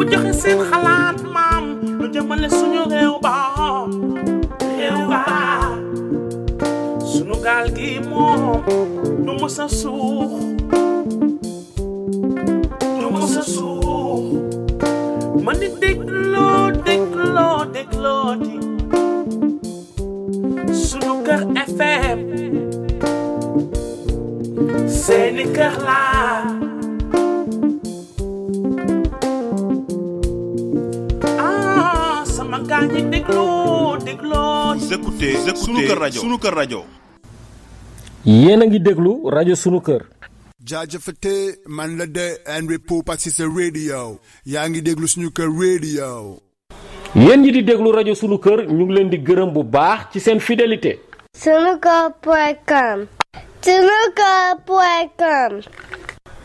bu joxe seen xalaat maam lu jëmale suñu réew ba réew ba suñu gaal gi moom du mës a suux du mës a suux ma ni dégloo dégloo dégloo di suñu kër FM seeni kër laa vous écoutez sunu rajo kër rajo. yéen a ngi déglu rajo sunu kër. jaajëfate man la de Henry Poupa Cissé radio yaa ngi déglu suñu kër radio. yéen ñi di déglu rajo sunu kër ñu ngi leen di gërëm bu baax ci seen fidélité.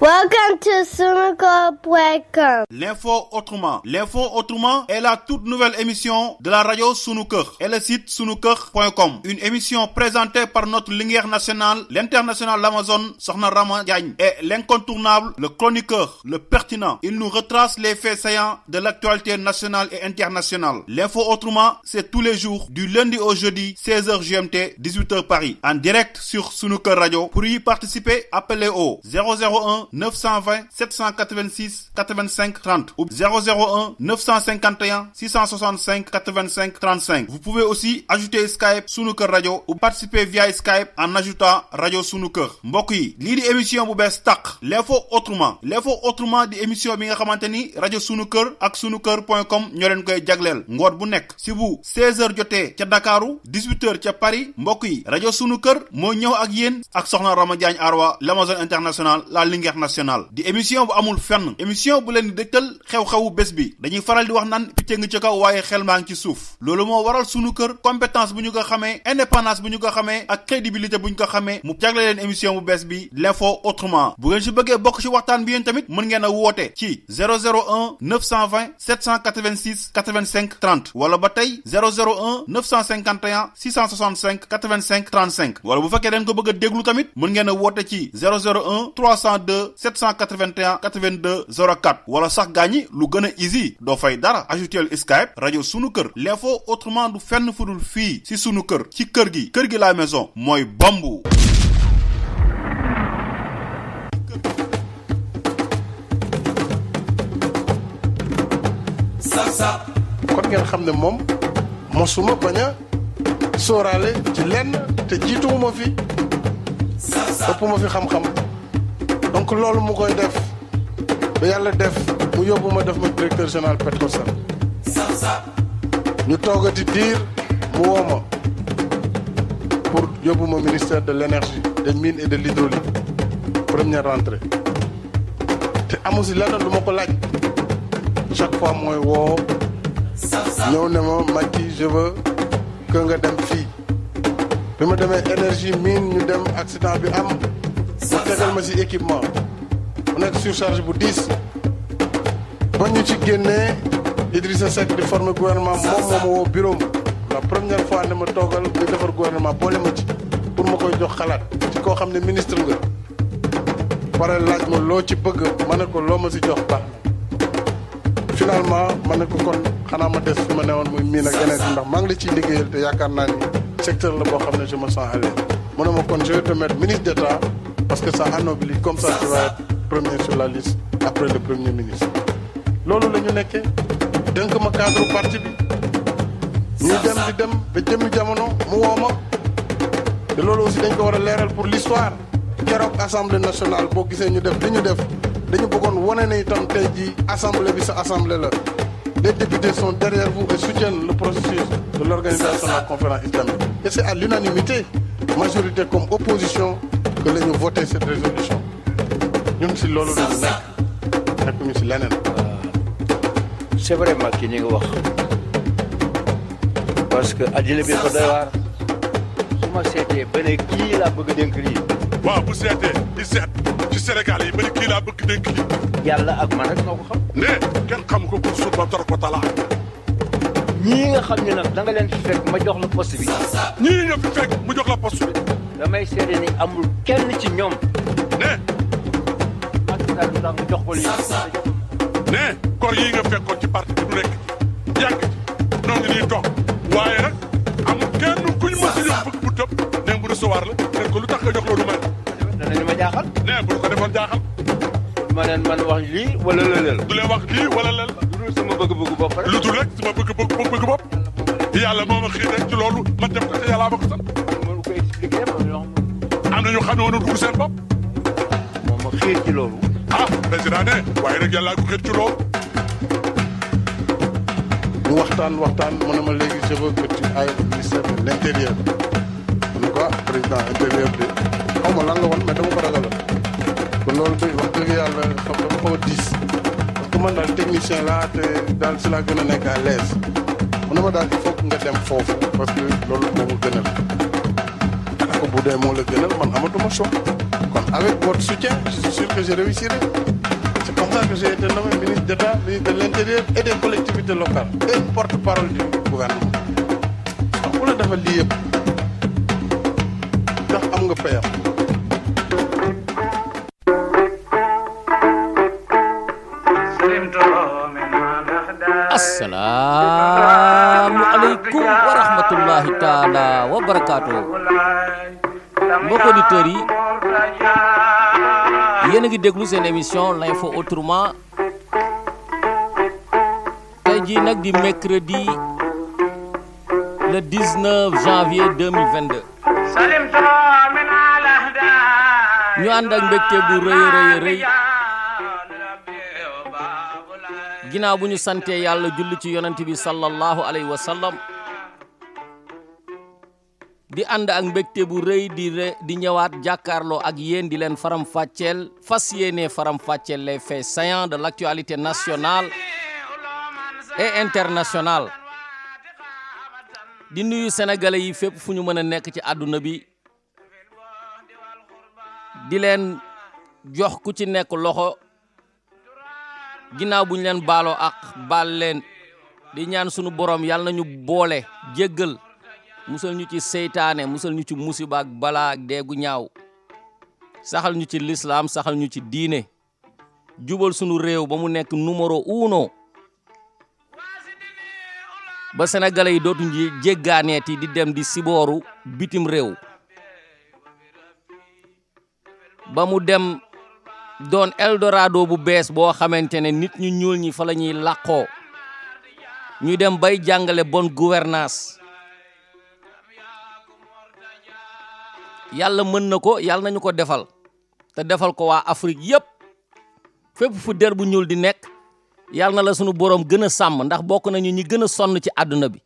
Welcome to L'info autrement. L'info autrement est la toute nouvelle émission de la radio Sunuker et le site Sunukur.com. Une émission présentée par notre lumière nationale, l'international Amazon Sornarama et l'incontournable, le chroniqueur, le pertinent. Il nous retrace les faits saillants de l'actualité nationale et internationale. L'info autrement, c'est tous les jours, du lundi au jeudi, 16h GMT, 18h Paris, en direct sur Sunuker Radio. Pour y participer, appelez au 001 920 786 85 30 ou 001 951 665 85 35. Vous pouvez aussi ajouter Skype Sunuker Radio ou participer via Skype en ajoutant Radio Sunuker. mbokk yi di émission bu bees l'info autrement l'info autrement de émission bi nga Radio Sunuker ak sunuker.com ñoo leen koy bu si bu 16h jotee ca 18h ca Paris mbokk yi Sunuker moo ñëw ak yéen Arwa Lamazon international la Linga international di émission bu amul fenn émission bu leen di dëkkal xew-xewu bés bi dañuy faral di wax naan picc ngi ci kaw waaye xel maa ngi ci suuf loolu waral sunu kër compétence bu ñu ko indépendance bu ñu ko xamee ak crédibilité bu ñu ko xamee mu jagle leen émission bu bi l'info autrement bu ngeen si bëggee bokk ci waxtaan bi yéen tamit mën ngeen a ci 001 920 786 85 30 wala ba tey 001 951 665 85 35 wala bu fekkee dañ ko bëgg a déglu tamit mën ngeen a ci 001 302 781 82 04 wala sax gañi lu gëna easy do fay dara le Skype Radio sunu kër l'info autrement du fenn fudul fi si sunu kër ci kër gi kër gi la maison moi bambu. kon ngeen xam ne moom mosuma bañ a sóoraale ci lenn te mon fi ëpp ma fi xam-xam donc loolu mu koy def ba def mu yóbbu directeur général ñu di diir mu pour yóbbu ministère de l'énergie, des mines et de l'hydraulique première rentrée te amu si lenn chaque fois mooy woo ñëw ne ma Macky je veux que nga dem fii bi je énergie mine ñu dem accident bi am mu tegal ma si équipement mu nekk surcharge bu diis ba ñu ci génnee Idrissa Seck di former gouvernement moom moo ma woo bureau la première fois ne ma toogal ñu defar gouvernement boole ma ci pour ma koy jox xalaat ci koo xam ne ministre nga pare laaj ma loo ci bëgg ma ne ko loo ma si jox baax finalement ma ne ko kon xanaa ma des fi ma newoon muy miin ak yeneen ndax maa ngi la ciy liggéeyal te yaakaar naa ni secteur la boo xam ne je me sens à ma kon je vais parce que ça anoblit comme ça tu vas être premier sur la liste après le premier ministre Lolo la ñu nekkee dënk ma cadre parti bi sommes dem di dem ba jëmmi jamono mu moi. ma te loolu aussi dañ ko wara pour l'histoire keroog assemblée nationale bo que ñu def li ñu def dañu bëggoon wane ne itam assemblée bi sa assemblée là. les députés sont derrière vous et soutiennent le processus de l'organisation de la conférence islamique et c'est à l'unanimité majorité comme opposition que la ñu voté cette résolution ñun si loolu la ñu nekk nekkuñu si leneen. Euh, c'est vraiment kii ñu ngi wax parce que àddina bi dafa doy waar su ma seetee ba ne kii laa bëgg dénk lii. waaw bu seetee di seet ci Sénégal yi ba ne kii laa bëgg dénk lii. yàlla ak man rek noo ko xam. ne kenn xam ko pour suuf ba tor ko talaa. ñii nga xam ne nag da nga leen fi fekk ma jox la poste bi. ñii nga fi fekk mu jox la poste bi. damay seede ni amul kenn ci ñoom. ne. Macky Sall lu tax mu jox ko lii. ne kor yii nga fekkoon ci parti bi du nekk yàgg noo ngi nii toog waaye nag amul kenn kuñ mos a ñëw bëgg bu tëb ne bu recevoir la nen ko lu tax nga jox loolu man. danañ ma jaaxal. ne bu ko defoon jaaxal. ma leen man wax lii wala le du leen wax lii wala lël. lu dul sama bëgg bopp rek. lu dul rek sama bëgg-bëggu bopp. yàlla moo ma xiir rek ci loolu man def ko te yàlla ma na ñu xamee woon pour seen bopp. moom ma xëy ci loolu. ah président ne waaye nag yàllaa ko xëy ci loolu. ñu waxtaan waxtaan mu ne ma léegi je veux que tu ailles au ministère de l' intérieur. en tout cas président la woon ko loolu day wax dëgg yàlla xam a diis. parce que technicien laa te daal si laa gën a nekk à l'aise mu ne ma daal il nga dem foofu parce que loolu moo gën a ko bu dee moo le gënal man amatuma choix kon avec votre soutien je suis sûr que je réussirai C'est comme ça que j'ai été nommé ministre d'État, ministre de l'Intérieur et des collectivités locales et porte parole du gouvernement Donc, on a defal lii yëpp ndax am nga payam assalaamu aleykum taala wabarakatuh. auditeurs yi yéen a déglu seen émission l'info autrement jii nag di mercredi le 19 janvier 2022 ñu ànd ak mbégte bu rëy rëy rëy ginnaaw bu ñu santee yàlla julli ci yonent bi sallallahu alayhi wa di anda ak mbekté bu reuy di di ñëwaat jakarlo ak yeen di Len faram fàcceel fas faram fàcceel les faits saillants de l'actualité nationale et internationale di nuyu sénégalais yi fep fu ñu nekk ci aduna bi di Len jox ku ci nekk loxo ginaaw buñ len balo ak balen di ñaan sunu borom yalla ñu boole jéggel musal ñu ci seytaane musal ñu ci musiba ak balaa ak deegu ñaaw saxal ñu ci lislaam saxal ñu ci diine jubal sunu réew ba mu nekk numéro uno ba sénégalais yi dootuñu jéggaaneeti di dem di sibooru bitim réew ba mu dem doon eldorado bu bees boo xamante ne nit ñu ñuul ñi fa la ñuy làqoo ñu dem bay jàngale bon gouvernance yàlla mën na ko yàlla nañu ko defal te defal ko waa afrig yëpp fépp fu der bu ñuul di nekk yàlla na la sunu borom gën a sàmm ndax bokk nañu ñi gën a sonn ci àdduna bi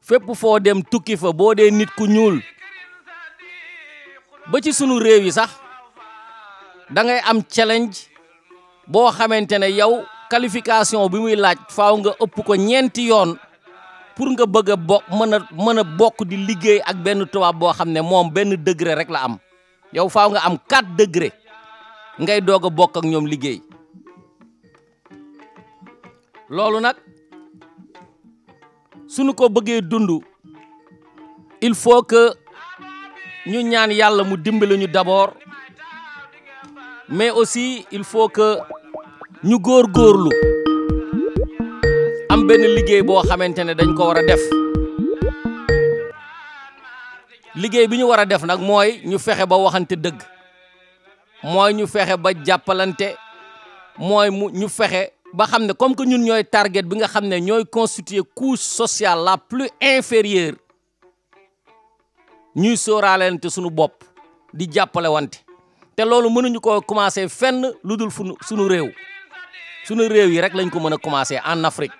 fépp foo dem tukki fa boo dee nit ku ñuul ba ci sunu réew yi sax da ngay am challenge boo xamante ne yow qualification bi muy laaj faaw nga ëpp ko ñeenti yoon pour nga bëgg a bo mën a mën a bokk di liggéey ak benn tubaab boo xam ne moom benn degré rek la am yow faaw nga am 4 degré ngay doog a bokk ak ñoom liggéey loolu nag suñu ko bëggee dund il faut que ñu ñaan yàlla mu dimbali ñu d'abord mais aussi il faut que ñu góor góorgóorlu am benn liggéey boo xamante ne dañ ko war a def liggéey bi ñu war a def nag mooy ñu fexe ba waxante dëgg mooy ñu fexe ba jàppalante mooy mu ñu fexe ba xam ne comme que ñun ñooy target bi nga xam ne ñooy constituer couche sociale la plus inférieure ñuy sóoraalante suñu bopp di jàppalewant wante te loolu mënuñu ko commencé fenn lu dul fu suñu réew suñu réew yi rek lañ ko mën a commencé en Afrique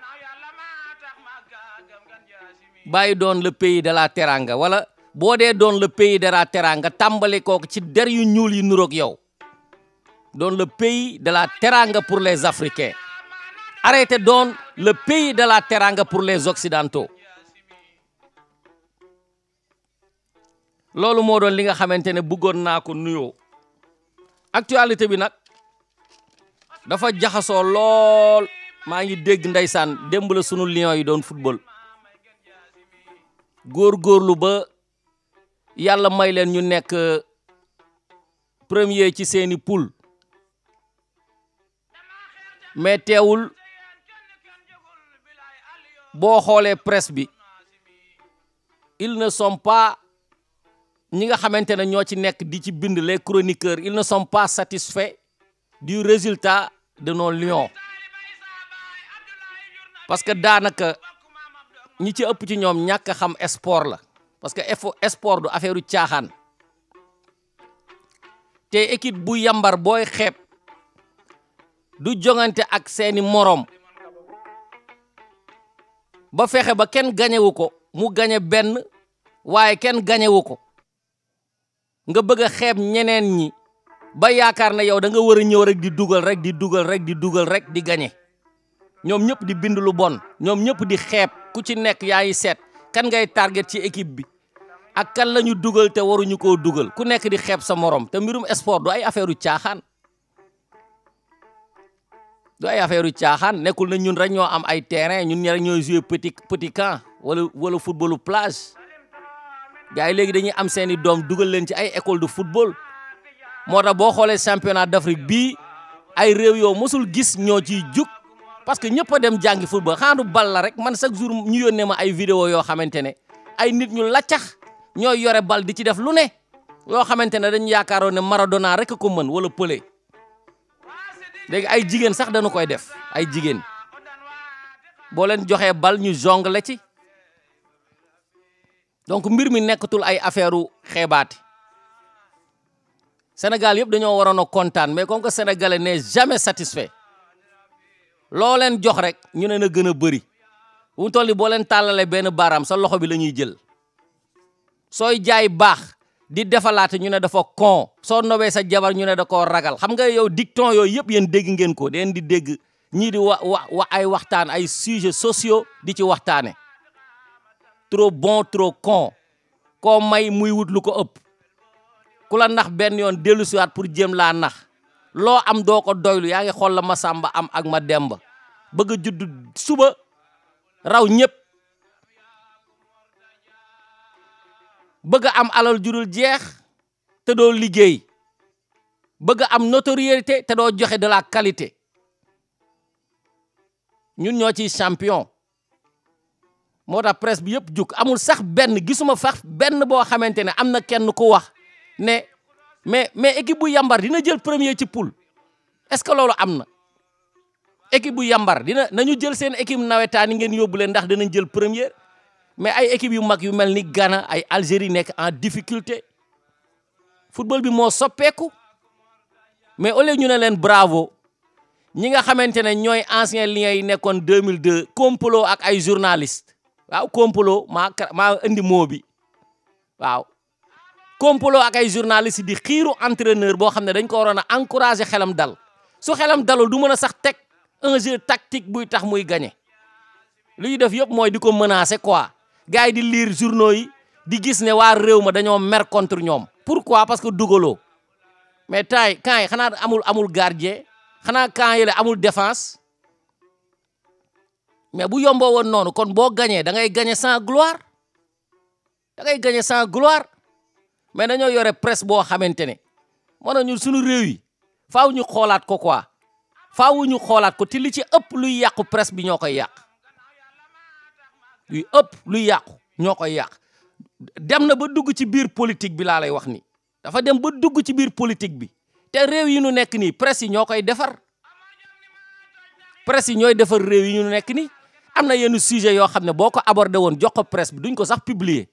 bàyyi doon le pays de la teranga wala boo dee doon le pays dara la teranga tàmbali kooku ci der yu ñuul yu nuroog yow doon le pays de la teranga pour les africains arrêté doon le pays de la teranga pour les occidentaux loolu moo doon li nga xamante ne bëggoon naa ko nuyoo actualité bi nag dafa jaxasoo lool maa ngi dégg ndeysaan démb sunu lion yi doon football góor-góorlu ba yàlla may leen ñu nekk euh, premier ci seeni poule mais teewul boo xoolee presse bi ils ne sont pas ñi nga xamante ne ñoo ci nekk di ci les chroniqueurs ils ne sont pas satisfaits du résultat de nos lions parce que daanaka ñi ci ëpp ci ñoom ñàkk xam sport la parce que sport du affaire u caaxaan te équipe bu yambar booy xeeb du jongante ak seeni morom ba fexe ba kenn gañewu ko mu gagné benn waaye kenn gañewu ko nga bëgg xeeb ñeneen ñi ba yaakaar ne yow da nga war a ñëw rek di dugal rek di dugal rek di dugal rek di gagné ñoom ñëpp di bind lu bon ñoom ñëpp di xeeb ku ci ya yaay set, kan ngay target ci équipe bi ak kan lañu duggal dugal te waruñu ko dugal ku nek di xeeb sa morom te mbirum sport do ay affaireu tiaxan do ay affaireu tiaxan nekul na ñun rek ño am ay terrain ñun rek ñooy jouer petit petit camp wala wala footballu plage gaay dañuy am seeni dong dugal leen ci ay école de football motax bo xolé championnat d'Afrique bi ay rew yo musul gis ño ci juk parce que ñëpp dem jàngi football xaandu bal la rek man chaque jour ñu yónnee ma ay vidéo yoo xamante ne ay nit ñu laccax ñoo yore bal di ci def lu ne yoo xamante ne dañu yaakaaroon ne Maradona rek ko mën wala Pelé léegi ay jigéen sax dañu koy def ay jigéen boo leen joxee bal ñu jongle ci donc mbir mi nekkatul ay affaire u xeebaati Sénégal yëpp dañoo waroon a kontaan mais kom que sénégalais n'est jamais satisfait loo leen jox rek ñu ne na gën a bëri bu mu toll boo leen tàllalee benn baaraam sa loxo bi la ñuy jël sooy jaay baax di defalaate ñu ne dafa kon soo nobee sa jabar ñu ne da koo ragal xam nga yow dicton yooyu yëpp yéen dégg ngeen ko den di dégg ñii di wa ay waxtaan ay sujets sociaux di ci waxtaane trop bon trop con koo may muy wut lu ko ëpp ku la nax benn yoon dellu siwaat pour jëm laa nax loo am doo ko doylu yaa ngi xool la ma sàmba am ak ma demba bëgg a judd suba raw ñëpp bëgg am alal jurul jeex te doo liggéey bëgg am notoriété te doo joxe de la qualité ñun ñoo ciy champion moo tax presse bi yëpp jug amul sax benn gisuma fax benn boo xamante ne am na kenn ku wax ne mais mais équipe bu yambar dina jël premier ci poule est-ce que loolu am na équipe bu yambar dina nañu jël seen équipe nawetaan yi ngeen yóbbu leen ndax dinañ jël premier mais ay équipe yu mag yu mel ni gana ay Algérie nekk en difficulté football bi moo soppeeku mais au ñu ne leen bravo ñi nga xamante ne ñooy ancien liens yi nekkoon 2002 complot ak ay journaliste waaw complot maa maa indi bi waaw complot ak ay journaliste di xiiru entraîneur boo xam ne dañ ko waroon a encourager xelam dal su xelam dalul du mën a sax teg un tactique buy tax muy gañe li ñu def yëpp mooy di ko menacer quoi gars yi di liir journaux yi di gis ne waar réew ma dañoo mer contre ñoom. pourquoi parce que dugaloo mais tay camp yi xanaa amul amul gardien xanaa camp yi la amul défense mais bu yomboo woon noonu kon boo gagné da ngay gagné sans gloire da ngay gagné sans gloire. mais dañoo yore presse boo xamante ne moo tax ñun suñu réew yi faaw ñu xoolaat ko quoi faaw ñu xoolaat ko te li ci ëpp luy yàqu presse bi ñoo koy yàq luy ëpp lu yàqu ñoo koy yàq dem na ba dugg ci biir politique bi laa lay wax ni dafa dem ba dugg ci biir politique bi te réew yi ñu nekk nii press yi ñoo koy defar presse yi ñooy defar réew yi ñu nekk nii am na yenn sujet yoo xam ne boo ko abordé woon jox ko presse bi duñ ko sax publier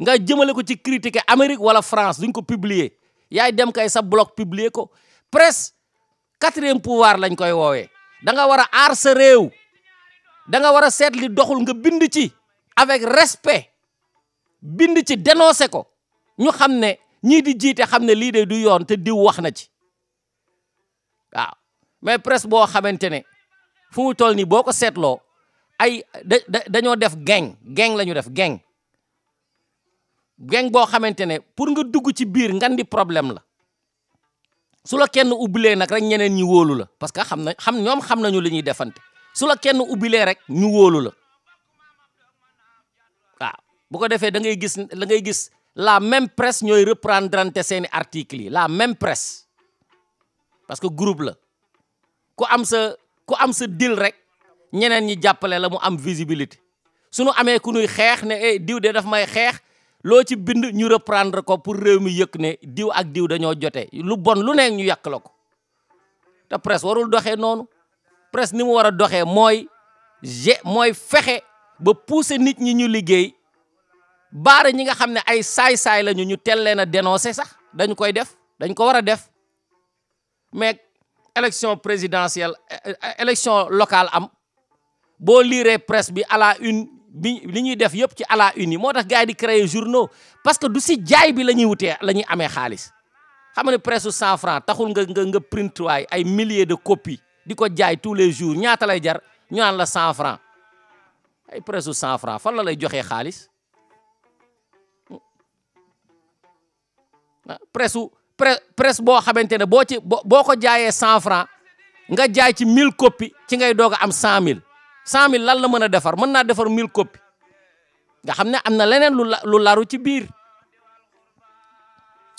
nga jëmale ko ci critiquer Amérique wala France duñ ko publier yaay dem kay sa blog publier ko presse quatrième pouvoir lañ koy woowe danga nga war a aar sa réew da nga war a seet doxul nga bind ci avec respect bind ci dénoncer ko ñu xam ne ñii di jiite xam ne lii de du yoon te diw wax na ci waaw mais presse boo xamante ne fu mu toll nii boo ko seetloo ay da dañoo def gang gang lañu def gang geng bo xamantene ne pour nga dugg ci bir di problème la su la kenn oublé nak rek ñeneen ñi wolu la parce que xamna xam ñom xamnañu li ñuy defante su la kenn oublé rek ñu wolu la waaw bu ko défé da ngay gis la ngay gis la même presse ñoy reprendre ante sen article la même presse parce que groupe la ku am sa ku am sa deal rek ñeneen ñi jappalé la mu am visibilité suñu amé ku nuy xex ne eh diw de daf may xex loo ci bind ñu reprendre ko pour réew mi yëkk ne diw ak diw dañoo jote lu bon lu nekk ñu yàq la ko te presse warul doxee noonu presque ni mu war a doxee mooy je mooy fexe ba pousser nit ñi ñu liggéey baara ñi nga xam ne ay saay-saay lañu ñu teel leen a dénoncer sax dañ koy def dañ ko war a def mais élection présidentielle élection locale am boo liiree presse bi à la une li ñuy def yépp ci ala uni motax gaay di créer journaux parce que du ci jaay bi lañuy wuté lañuy amé ñuy xam nga presse 100 francs taxul nga nga nga print way ay milliers de copies diko jaay tous les jours ñaata lay jar ñu la 100 francs ay presse 100 francs fa la lay joxee xaalis ah, presse presse boo xamante ne bo ci boko jaayé 100 francs nga jaay ci 1000 copies ci ngay doga am 100000 cent mille lan la mën a defar mën naa defar mil copie nga xam ne am na leneen lu lu laru ci biir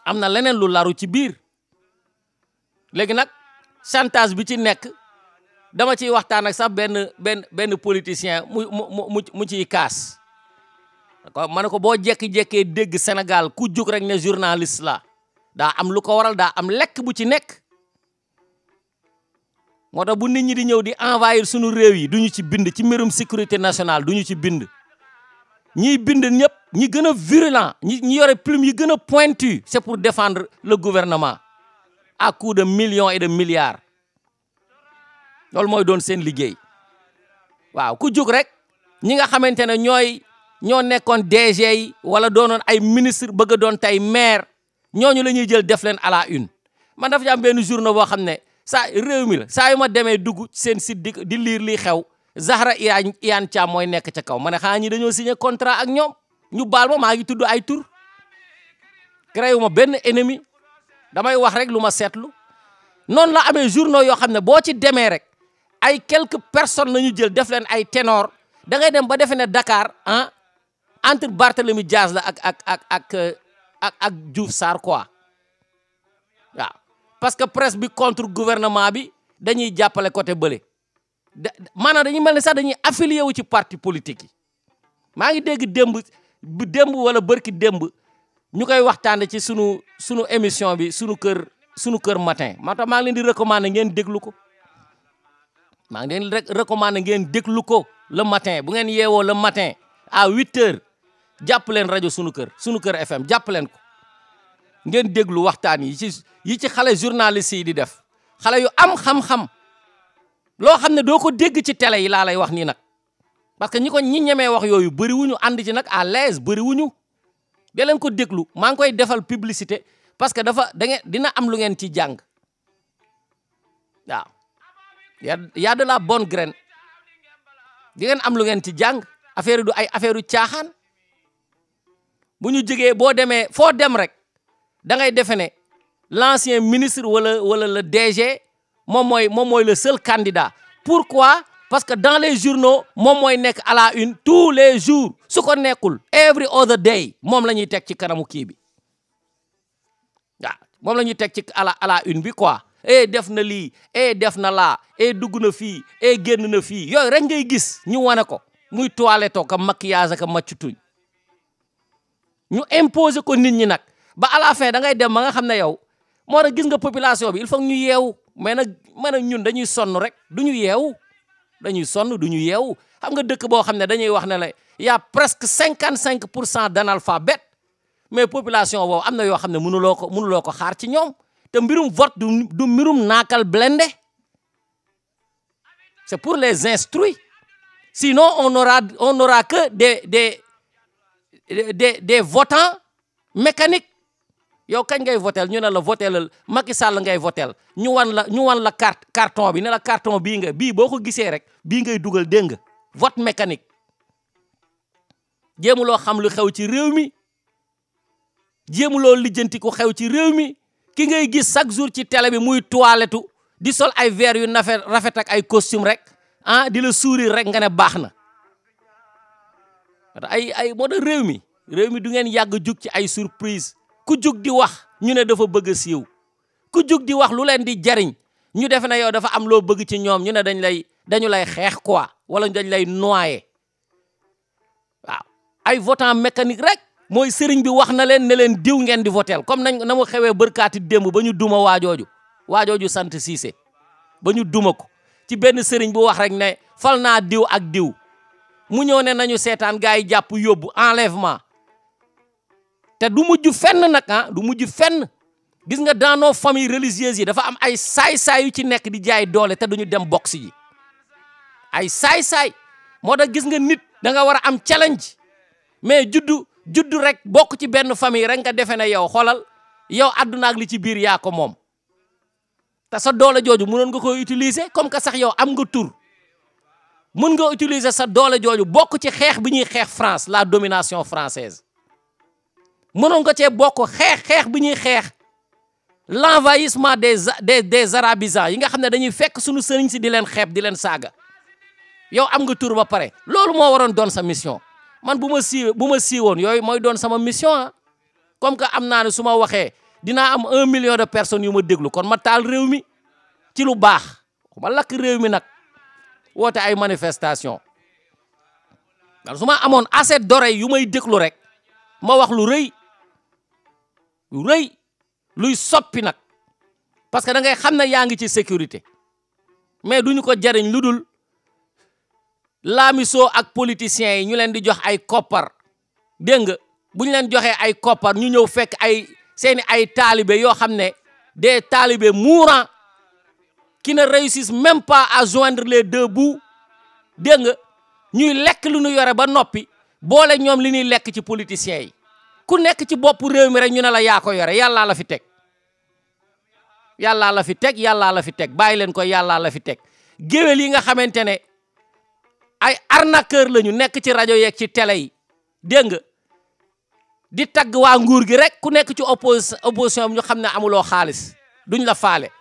am na leneen lu laru ci biir léegi nag chantage bi ci nekk dama ciy waxtaan ak sax benn benn benn politicien mu mu mu ci kaas ma ne ko boo jekki-jekkee dégg Sénégal ku jug rek ne journaliste la daa am lu ko waral daa am lekk bu ci nekk moo tax bu nit ñi di ñëw di envahir suñu réew yi duñu ci bind ci mbirum sécurité nationale duñu ci bind ñiy bind ñëpp ñi gën a virulent ñi ñi yore plume yi gën a pointu c'est pour défendre le gouvernement à coup de millions et de milliards loolu mooy doon seen liggéey waaw ku jóg rek ñi nga xamante ne ñooy ñoo nekkoon DG wala doonoon ay ministre bëgg doon tey maire ñooñu la ñuy jël def leen à la une man dafa am benn boo xam ne saa réew mi la saa yu ma demee dugg seen site di liir li xew Zahra Iyane Iyane Thiam mooy nekk ca kaw ma ne xanaa ñi dañoo signé contrat ak ñoom ñu baal ma maa ngi tudd ay tur créé wu ma benn ennemi damay wax rek lu ma seetlu noonu la amee journaux yoo xam ne boo ci demee rek ay quelques personnes nañu jël def ay ténor da ngay dem ba defe ne Dakar ah entre Barthélemy Diaz la ak ak ak ak ak ak Diouf parce que presse bi contre gouvernement bi dañuy jàppale côté bële da maanaam dañuy mel ne sax dañuy affilié wu ci parti politique yi maa ngi dégg démb démb wala bërki démb ñu koy waxtaane ci sunu sunu émission bi sunu kër sunu kër matin moo maa ngi leen di recommander ngeen déglu ko maa ngi leen di recommander ngeen déglu ko le matin bu ngeen yeewoo le matin à huit heures jàpp leen rajo sunu kër sunu kër FM jàpp ko ngeen déglu waxtaan yi ci yi ci xale journaliste yi di def xale yu am xam-xam loo xam ne doo ko dégg ci tele yi laa lay wax nii nag parce que ñi ko ñi ñemee wax yooyu bëri wuñu ànd ci nag à l'aise bëri wuñu da leen ko déglu maa ngi koy defal publicité parce que dafa da dina am lu ngeen ci jàng waaw y a de la bonne graine di ngeen am lu ngeen ci jàng affaire du ay affaire yu caaxaan bu ñu jógee boo demee foo dem rek da ngay l'ancien ne l' ministre wala wala le DG mom moy mom moy le seul candidat pourquoi parce que dans les journaux mom moy nek à la une tous les jours su ko nekkul every other day mom lañuy tek ci karamu ki bi waaw mom lañuy tek ci à la à la une bi quoi eh def na eh e def na laa e dugg na fi e eh, génn na rek ngay gis ñu wane ko muy toilette ka maquillage ak a maccutuñ ñu imposer ko nit ñi nak ba à la fin da ngay dem ba nga xam ne yow moo tax gis nga population bi il faut ñu yeewu mais nag man a ñun dañuy sonn rek du ñu yeewu dañuy sonn du ñu yeewu xam nga dëkk boo xam ne dañuy wax ne la y presque cinquante cinq pour cent d'analphabètes mais population boobu am na yoo xam ne mënuloo ko mënuloo ko xaar ci ñoom te mbirum vote du du mbirum naakal blende c'est pour les instruits sinon on aura on aura que des des des des mécaniques yow kañ ngay votel ñu ne la votelal Macky Sall ngay votel ñu wan la ñu wan la carte carton bi ne la carton bi nga bii boo ko gisee rek bii ngay dugal dégg nga vote mécanique jéemuloo xam lu xew ci réew mi jéemuloo lijjanti ku xew ci réew mi ki ngay gis chaque jour ci télé bi muy toilettu di sol ay verre yu nafe rafet ak ay costume rek ah di la sourire rek nga ne baax na ay ay moo réew mi réew mi du ngeen yàgg jug ci ay surprise ku jug di wax ñu ne dafa bëgg siiw ku jug di wax lu leen di jariñ ñu defe na yow dafa am loo bëgg ci ñoom ñu ne dañ lay dañu lay xeex quoi wala dañ lay noyé waaw ay votant mécanique rek mooy sëriñ bi wax na leen ne leen diw ngeen di votel comme nañ na mu xewee bërkaati démb ba ñu duma waajooju waajooju sant siise ba ñu duma ko ci benn sëriñ bu wax rek ne fal naa diw ak diw mu ñëw ne nañu seetaan gars yi jàpp enlèvement te du mujj fenn nag ah du mujj fenn gis nga dans famille familles yi dafa am ay saay-saay yu ci nekk di jaay doole te duñu dem box yi ay saay-saay moo tax gis nga nit da nga war a am challenge mais juddu juddu rek bokk ci benn famille rek nga defe ne yow xoolal yow àdduna ak li ci biir yaa ko moom te sa doole jooju mënoon nga koy utiliser comme que sax yow am nga tur mën nga utiliser sa doole jooju bokk ci xeex bi ñuy xeex France la domination française mënoon nga cee bokk xeex xeex bu ñuy xeex l'envahissement des des des arabisants yi nga xam ne dañuy fekk suñu sëriñ si di leen xeeb di leen saaga yow am nga tur ba pare loolu moo waroon doon sa mission man bu ma siiwee bu ma siiwoon yooyu mooy doon sama mission ah comme que am naa ne su ma waxee dinaa am un million de personnes yu ma déglu kon ma taal réew mi ci lu baax ma lakk réew mi nag woote ay manifestation ndax su ma amoon assez d'oreilles yu may déglu rek ma wax lu rëy rëy luy soppi nag parce que da ngay xam ne yaa ngi ci sécurité mais duñu ko jariñ lu dul laamisoo ak politiciens yi ñu leen di jox ay koppar dégg nga bu ñu leen joxee ay koppar ñu ñëw fekk ay seeni ay taalibe yoo xam ne des taalibe mourants qui ne réussis même pas à joindre les deux bu dégg ñuy lekk lu ñu yore ba noppi boole ñoom li ñuy lekk ci politiciens yi ku nekk ci bopp réew mi rek ñu ne la yaako ko yore yàllaa la fi teg yàllaa la fi teg yàllaa la fi teg bàyyi leen ko yàllaa la fi teg géwél yi nga xamante ne ay arnaqueur lañu nekk ci rajo yeeg ci télé yi dégg nga di tagg waa nguur gi rek ku nekk ci opposition opposition bi ñu xam ne amuloo xaalis duñ la faale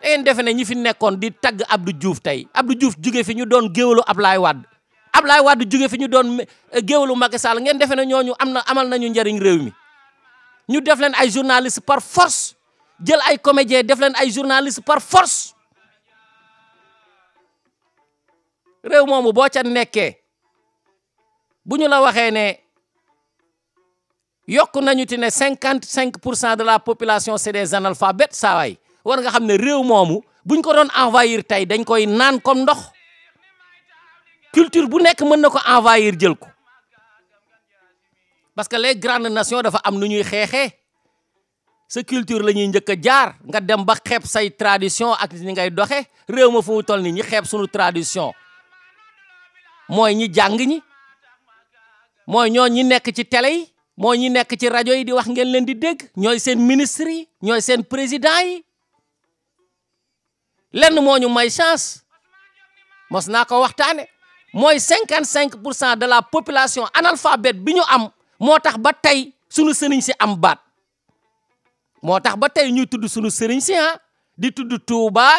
da ngeen defe ne ñi fi nekkoon di tagg Abdou Diouf tey Abdou Diouf jóge fi ñu doon géwalu Ablaye Wade ab Ablaye Wade juge fi ñu doon eh, géewalu Macky ngeen defe ne ñooñu am na amal nañu njariñ réew mi ñu def leen ay journaliste par force jël ay comédien def leen ay journaliste par force réew moomu boo ca nekkee bu ñu la waxee ne yokk nañu ti ne cinquante cinq pour cent de la population c'est des analphabètes saa waay war nga xam ne réew moomu bu ñu ko doon envahir tey dañ koy naan comme ndox culture bu nekk mën na ko envahir jël ko parce que les grandes nation dafa am nu ñuy xeexee sa culture la ñuy njëkk a jaar nga dem ba xeeb say tradition ak ni ngay doxe réew ma fu mu toll nii ñi xeeb suñu tradition mooy ñi jàng ñi mooy ñoo ñi nekk ci télé yi mooy ñi nekk ci rajo yi di wax ngeen leen di dégg ñooy seen ministre yi ñooy seen président yi lenn moo ñu may chance mos naa ko waxtaane Moins 55% de la population analphabète là, am motax ba sunu sëriñ ci am baat tudu ba tay ñuy tuddu suñu sëriñ ci ah, di tuddu Touba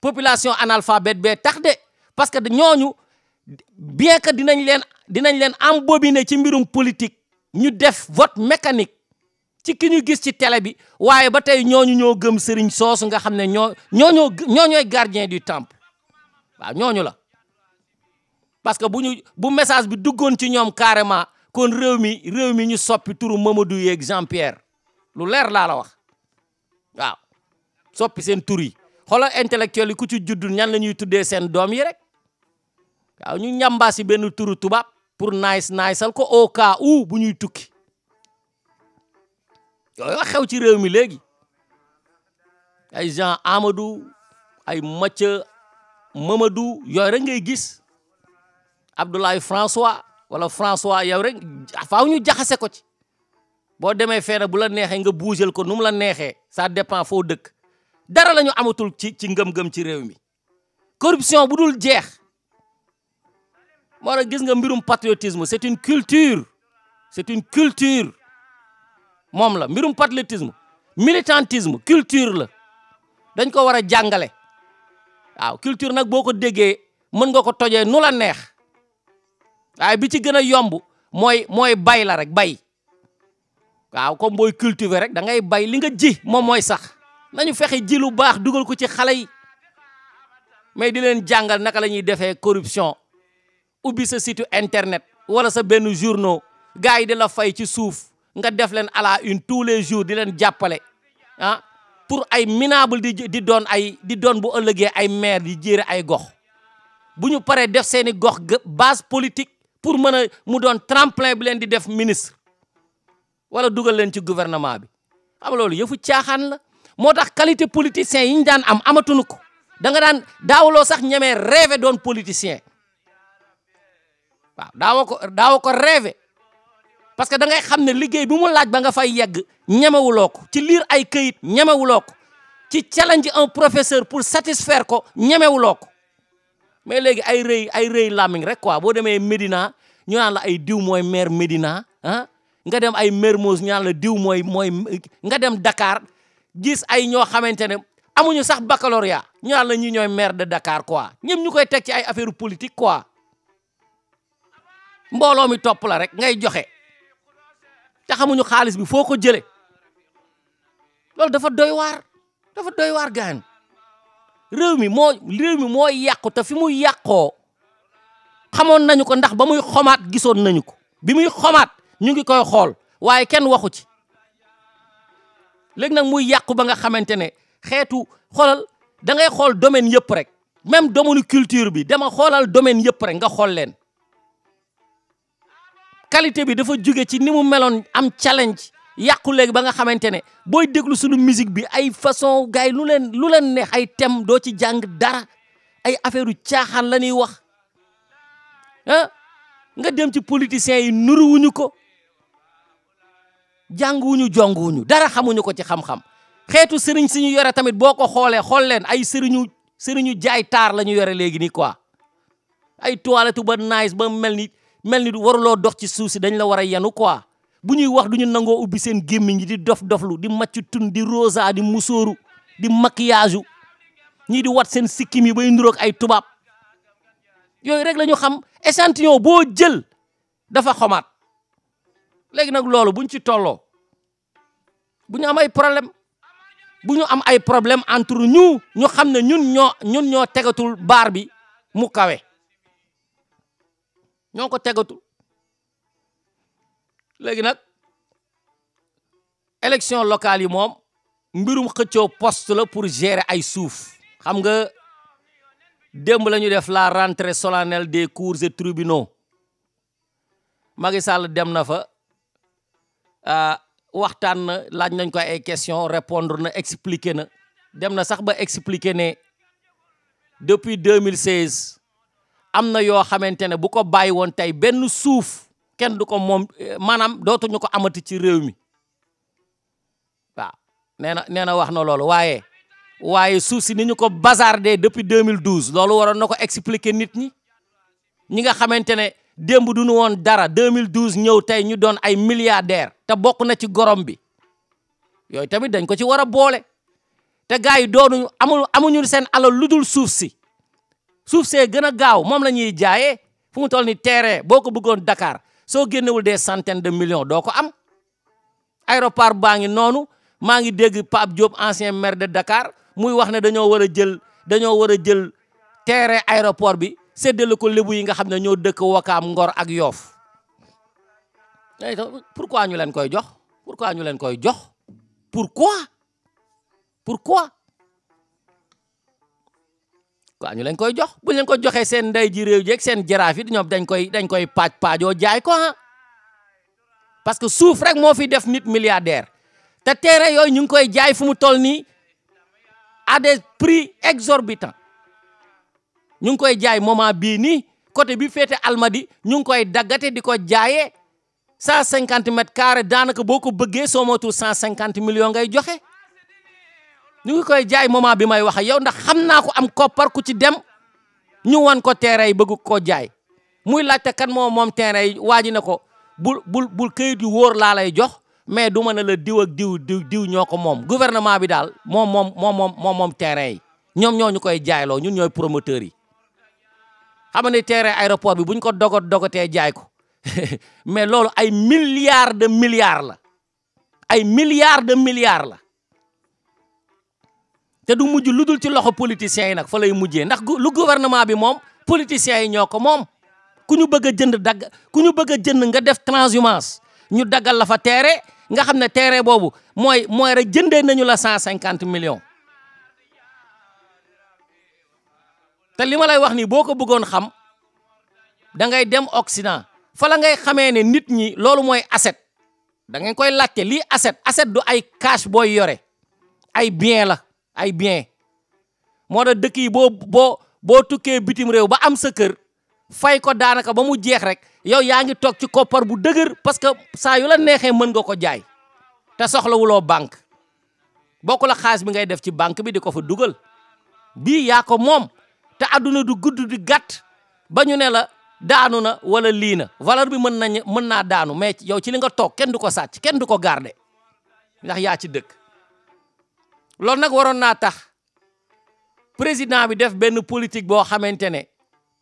population analphabète be tax de parce que ñoñu bien que dinañ leen dinañ leen politique ñu def vote mécanique ci ki ñu gis ci tele bi waaye ba tey ñooñu ñoo gëm sëriñ soosu nga xam ne ñoo ñooñoo ñooñooy gardien du temple waaw ñooñu la parce que bu ñu bu message bi duggoon ci ñoom carrément kon réew mi réew mi ñu soppi turu Mamadou yeeg Jean Pierre lu leer laa la wax waaw soppi seen tur yi xoolal intellectuel yi ku ci juddul ñan la ñuy tuddee seen doom yi rek waaw ñu ñambaasi benn turu tubaab pour nice niceal ko au cas où bu ñuy tukki yooyu xew ci réew mi léegi ay Jean Amadou ay Mathieu Mamadou yooyu rek ngay gis Abdoulaye François wala François yow rek faaw ñu jaxase ko ci boo demee fee bu la neexee nga buusel ko nu la neexee sa dépend foo dëkk dara lañu ñu amatul ci ci ngëm-ngëm ci réew mi corruption bu dul jeex moo tax gis nga mbirum patriotisme c'est une culture c'est une culture moom la mbirum patriotisme militantisme culture la dañ ko war a jàngale waaw culture nag boo ko déggee mën nga ko tojee nu la neex waaye bi ci gën a yomb mooy mooy bay la rek bay waaw comme booy cultiver rek da ngay bay li nga ji moom mooy sax nañu fexe ji lu baax dugal ko ci xale yi mais di leen jàngal naka la ñuy defee corruption ubbi sa site internet wala sa benn journaux gars yi di la fay ci suuf nga def leen à la une tous les jours di leen jàppale ah pour ay minable di di doon ay di doon bu ëllëgee ay maire di jéere ay gox bu ñu paree def seeni gox base politique pour mën a mu doon tremplin bi leen di def ministre wala dugal leen ci gouvernement bi xam loolu yëfu caaxaan la moo tax qualité politicien yi ñu daan am amatuñu ko da nga daan daawuloo sax ñemee rêvé doon politicien waaw daawoo ko daawoo parce que da ngay xam ne liggéey bi mu laaj ba nga fay yegg ñemewuloo ci lire ay këyit ñemewuloo ci challenge un professeur pour satisfaire ko ñemewuloo ko mais léegi ay reuy ay reuy laming rek quoi bo demee medina ñu naan la ay diw moy maire medina ah nga dem ay Mermoz ñaan la diw moy moy nga dem Dakar gis ay ño xamantene ne amuñu sax baccalauréat ñaan la ñi ñoy maire de Dakar quoi ñem ñukoy tek ci ay affaire politique quoi mbolo mi top la rek ngay joxe. te xamuñu xaalis bi foo ko jëlee loolu dafa doy waar dafa doy waar gaan réew mi moo réew mi moo yàqu te fi muy yàqoo xamoon nañu ko ndax ba muy xomaat gisoon nañu ko bi muy xomaat ñu ngi koy xool waaye kenn waxu ci léegi nag muy yàqu ba nga xamante ne xeetu xoolal da ngay xool domaine yëpp rek même domaine culture bi dama xoolal domaine yëpp rek nga xool leen qualité bi dafa jóge ci ni mu meloon am challenge yàqu léegi ba nga xamante ne booy déglu suñu musique bi ay façon gars yi lu leen lu leen neex ay thème doo ci jàng dara ay affaire u caaxaan la ñuy wax nga dem ci politiciens yi nuruwuñu ko wuñu jong wuñu dara xamuñu ko ci xam-xam xeetu sëriñ si ñu yore tamit boo ko xoolee xool leen ay seriñu sëriñu jaay taar la ñu yore léegi nii quoi ay toilette ba nice ba mel ni mel ni waruloo dox ci suuf si dañ la war a yanu quoi bu ñuy wax du ñu nangoo ubbi seen gémmiñ di dof doflu di macc tun di rosa di musóoru di maquillage ñii di wat seen sikkim yi bay nduroog ay tubaab yooyu rek la ñu xam échantillon boo jël dafa xomaat léegi nag loolu buñ ci tolloo bu ñu am ay problème bu ñu am ay problème entre ñu ñu xam ne ñun ñoo ñun ñoo tegatul baar bi mu kawe ñoo ko tegatu léegi nag élection locale yi moom mbirum xëccoo poste la pour gérer ay suuf xam nga démb lañu def la rentrée solennelle des cours et tribunaux Macky Sall dem na fa waxtaan na laaj nañ ko ay questions répondre na expliquer na dem na sax ba expliquer ne depuis 2016 am na yoo xamante ne bu ko bàyyi woon tey benn suuf kenn du ko moom maanaam dootuñu ko amati ci réew mi waaw nee na nee na wax na loolu waaye waaye suuf si ni ñu ko bazardé depuis 2012 loolu waroon na ko expliquer nit ñi ñi nga xamante ne démb woon dara 2012 ñëw tey ñu doon ay milliardaire te bokk na ci gorom bi yooyu tamit dañ ko ci war a boole te gars yi doonuñu amul amuñu seen alal lu dul suuf si suuf see gën a gaaw moom la ñuy jaayee fu mu toll ni terrain boo ko bëggoon Dakar soo génnewul des centaines de millions doo ko am aéroport baa ngi noonu maa ngi dégg Pape Diop ancien maire de Dakar muy wax ne dañoo war a jël dañoo war a jël terrain aéroport bi séddale ko lébu yi nga xam ne ñoo dëkk Wakaam Ngor ak Yoof pour eh, pourquoi ñu leen koy jox pourquoi ñu leen koy jox quoi ñu leen koy jox bu leen ko joxee seen ndey ji réew jeeg seen jaraaf yi ñoom dañ koy dañ koy paaj paajoo jaay ko ah parce que suuf rek moo fi def nit milliardaire te terrain yooyu ñu ngi koy jaay fu mu toll nii à des prix exorbitants ñu ngi koy jaay moment bii nii côté bi féete Almadi ñu ngi koy daggate di ko jaayee cent cinquante mètres carrés daanaka boo ko bëggee soo mootul cent cinquante millions ngay joxe ñu ngi koy jaay moment bi may wax ak yow ndax xam naa ko am koppar ku ci dem ñu wan ko terrain yi bëgg koo jaay muy laajte kan moo moom terrain yi waa ji ne ko bul bul bul këyit yu wóor laa lay jox mais du ma ne la diw ak diw diw diw ñoo ko moom gouvernement bi daal moom moom moom moom moom terrain yi ñoom ñoo ñu koy jaayloo ñun ñooy promoteur yi xam nga ne terrain aéroport bi bu ñu ko dogot dogotee jaay ko mais loolu ay milliards de milliards la ay milliards de milliards la te du mujj lu dul ci loxo politiciens yi nag fa lay mujjee ndax lu gouvernement bi moom politiciens yi ñoo ko moom ku ñu bëgg jënd dagg ku ñu bëgg a jënd nga def transhumance ñu daggal la fa teere nga xam ne teere boobu mooy mooy rek jëndee nañu la cent cinquante millions te li ma lay wax nii boo ko bëggoon xam da ngay dem Occident fa la ngay xamee ne nit ñi loolu mooy asset da ngay koy laajte lii asset asset du ay cash booy yore ay bien la ay bien mo da dekk yi bo bo boo tukkee bitim rew ba am sa keur fay ko danaka ba mu jeex rek yow yaangi tok ci koppar bu dëgër parce que sa yu la neexee meun nga ko jaay te wulo bank bokku la xaalis bi ngay def ci bank bi diko fa duggal bi ya ko mom te aduna du gudd di gat ba ñu ne la daanu na wala liina valeur bi meun nañ mën naa daanu mais yow ci li nga tok kenn duko sacc kenn garder ndax ya ci dekk loolu nag waroon naa tax président bi def benn politique boo xamante ne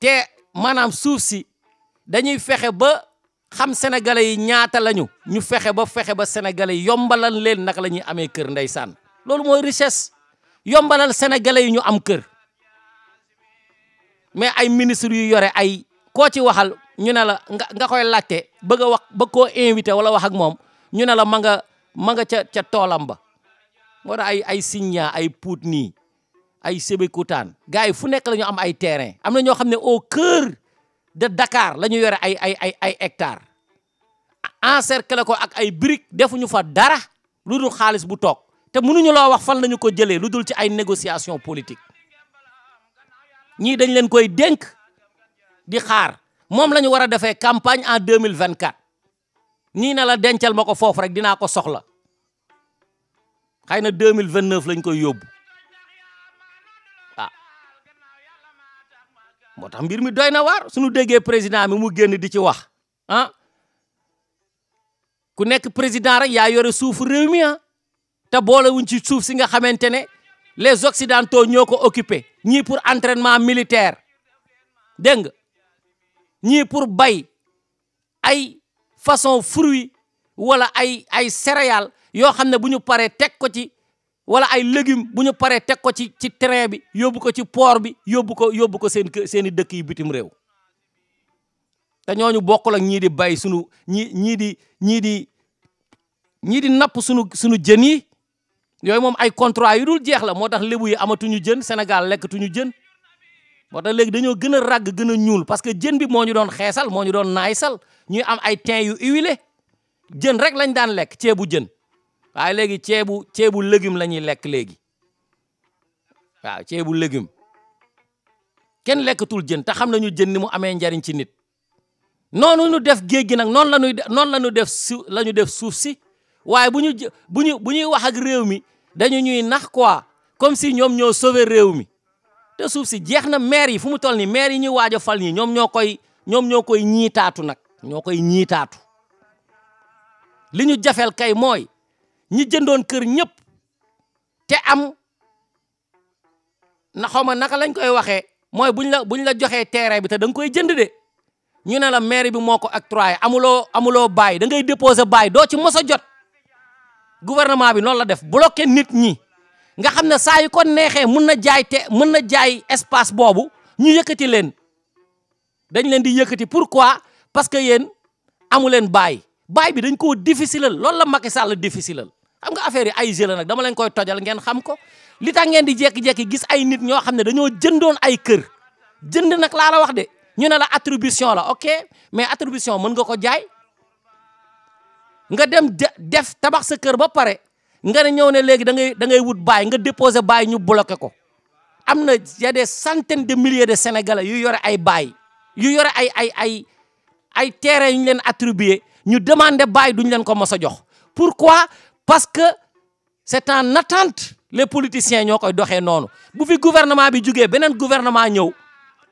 te maanaam suuf si dañuy fexe ba xam sénégale yi ñaata lañu ñu fexe ba fexe ba sénégalais yi yombalal leen naka la ñuy amee kër ndeysaan loolu mooy richess yombalal sénégalais yi ñu am kër mais ay ministre yu yore ay koo ci waxal ñu ne la nga nga koy laajte bëgg a wax ba koo invité wala wax ak moom ñu ne la ma nga ma nga ca ca toolam ba moo ay ay Signa ay put ni ay sebe gars gaay fu nek lañu am ay terrain amna ño xamne au cœur de Dakar lañu ñu yore ay ay ay ay hectares encercler ko ak ay briques defuñu fa dara luddul dul bu tok te mënuñu lo wax fan lañu ko jëlé luddul ci ay négociation politique ñi dañ leen koy denk di xaar mom lañu wara war campagne en 2024 ñii na la dencal mako fofu rek dina ko soxla xëy na deux mille vingt neuf lañ koy yóbbu a ah. moo tax mbir mi doy na waar suñu déggee président mi mu génn di ci wax ah ku nekk président rek yaa yore suuf réew mi ah te boolewuñ ci suuf si nga xamante ne les occidentaux ñoo ko occupé ñii pour entraînement militaire dégg nga ñii pour bay ay façon fruit wala ay ay céréales yoo xam ne bu ñu paree teg ko ci wala ay légumes bu ñu paree teg ko ci ci train bi yóbbu ko ci poor bi yóbbu ko yóbbu ko seen seen dëkk yi bitim réew te ñooñu bokkul ak ñii di bay sunu ñii ñii di ñii di ñii di napp sunu sunu jën yi yooyu moom ay contrat yu dul jeex la moo tax lébu yi amatuñu jën Sénégal lekkatuñu jën moo tax léegi dañoo gën a ràgg gën a ñuul parce que jën bi moo ñu doon xeesal moo ñu doon naay sal ñuy am ay teint yu huilé jën rek lañ daan lekk ceebu jën waaye léegi ceebu ceebu légume la ñuy lekk léegi waaw ceebu légume kenn lekkatul jën te xam nañu jën ni mu amee njariñ ci nit noonu def géej gi nag noonu la def su la ñu def suuf si waaye bu ñu ñuy wax ak réew mi dañu ñuy nax quoi comme si ñoom ñoo sauver réew mi te suuf si jeex na maire yi fu mu toll nii maire yi ñuy waaj a fal ñi ñoom ñoo koy ñoom ñoo koy ñiitaatu nag ñoo koy ñiitaatu li ñu jafel kay mooy ñi jëndoon kër ñëpp te am na xaw ma naka lañ koy waxee mooy buñ la buñ la joxee terrain bi te da koy jënd de ñu ne la mairie bi moo ko octroyé amuloo amuloo bail da ngay déposé bail doo ci mos a jot gouvernement bi noonu la def bloqué nit ñi nga xam ne saa yu ko neexee mun na jaay te mun na jaay espace boobu ñu yëkkati leen dañ leen di yëkkati pourquoi parce que yéen amu leen baay bail bi dañ koo difficile loolu la Macky Sall difficile xam nga affaire yi ay jeu nak dama leen koy tojal ngeen xam ko li tax ngeen di jek jek gis ay nit ño xamne dañu jëndoon ay kër jënd nak la la wax de ñu ne la attribution la ok mais attribution mën nga ko jaay nga dem def tabax sa kër ba paré nga ne ñew ne léegi da ngay da ngay wut bay nga déposer bay ñu bloqué ko amna ya des centaines de milliers de sénégalais yu yoré ay bay yu yoré ay ay ay ay terrain yu ñu leen attribuer ñu demander bay duñ leen ko mësa jox pourquoi parce que c'est en attente les politiciens ñoo koy doxee noonu bu fi gouvernement bi jugee benen gouvernement ñew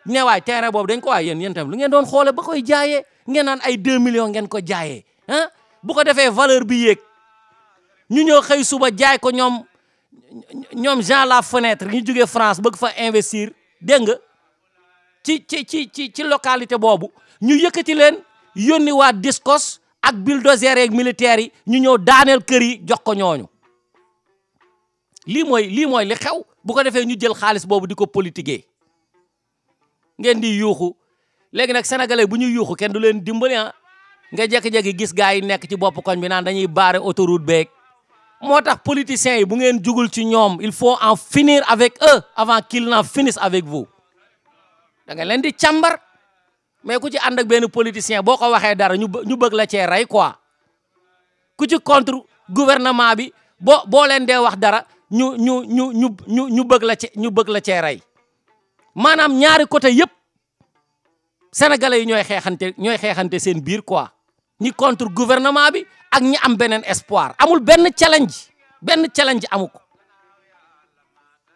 né way terrain bobu dañ ko waay yeen yéen tam lu ngeen doon xolé ba koy jaayé ngeen nan ay 2 millions ngeen ko jaayé hein bu ko défé valeur bi yéeg ñu ñoo xey suba jaay ko ñom ñom Jean la fenêtre ñu jugee France bëgg fa investir déng ci ci ci ci localité bobu ñu yëkkati leen yoni wa Descos ak bulldozer yeeg militaire yi ñu ñëw daaneel kër yi jox ko ñooñu lii mooy lii mooy li xew bu ko defee ñu jël xaalis boobu di ko politiquer ngeen di yuuxu léegi nag sénégalais bu ñu yuuxu kenn du leen dimbali ah nga jékki-jékki gis gaa yi nekk ci boppu koñ bi naan dañuy baare autoroute beeg moo tax politiciens yi bu ngeen jugul ci ñoom il faut en finir avec eux avant qu'ils n'en finissent avec vous da leen di càmbar mais ku ci and ak ben politicien boko waxe dara ñu ñu bëgg la ci ray quoi ku ci contre gouvernement bi bo bo len dé wax dara ñu ñu ñu ñu ñu ñu bëgg la ci ñu bëgg la ci ray manam ñaari côté yépp sénégalais yi ñooy xeexante ñooy seen biir quoi ñi contre gouvernement bi ak ñi am benen espoir amul ben challenge ben challenge amuko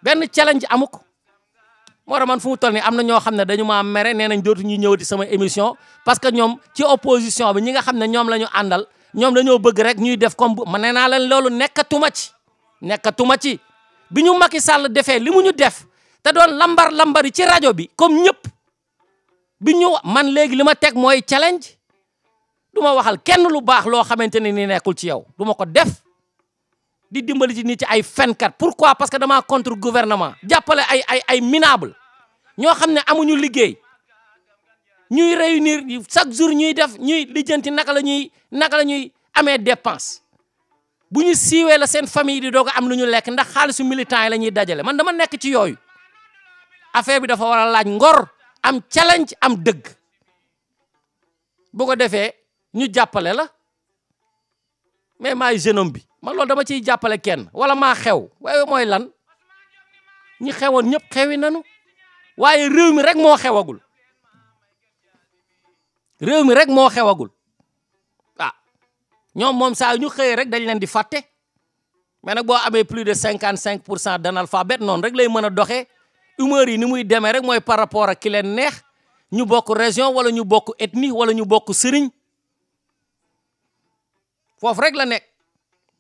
ben challenge amuko moo man fu mu toll am na ñoo xam ne dañu maa mere nee nañ dootu ñu ñëwati sama émission parce que ñoom ci opposition bi ñi nga xam ne ñoom lañu ñu àndal ñoom dañoo bëgg rek ñuy def comme ma nee naa leen loolu nekkatuma ci nekkatuma ci bi ñu Macky Sall defee li mu ñu def te doon lambar lambari ci rajo bi comme ñëpp bi ñu man léegi li ma teg mooy challenge du ma waxal kenn lu baax loo xamante ne ni nekkul ci yow du ma ko def di dimbali ci nit ci ay fenkat pourquoi parce que damaa contre gouvernement jàppale ay ay ay minable ñoo xam ne amuñu liggéey ñuy réunir chaque jour ñuy def ñuy lijjanti naka la ñuy naka la ñuy amee dépense bu ñu siiwee la seen famille di doog am lu ñu lekk ndax xaalisu militant yi la ñuy dajale man dama nekk ci yooyu affaire bi dafa war a laaj ngor am challenge am dëgg bu ko defee ñu jàppale la mais maay jeune homme man loolu dama ciy jàppale kenn wala ma xew waaye mooy lan ñi xewoon ñëpp xewi nanu waaye réew mi rek moo xewagul réew mi rek moo xewagul ah ñoom moom saa ñu xëyee rek dañ leen di fàtte mais nag boo amee plus de cinquante cinq pour cent d'analphabète noonu rek lay mën a doxee humeur yi ni muy demee rek mooy par rapport ak ki leen neex ñu bokk région wala ñu bokk ethnie wala ñu bokk sëriñ foofu rek la nekk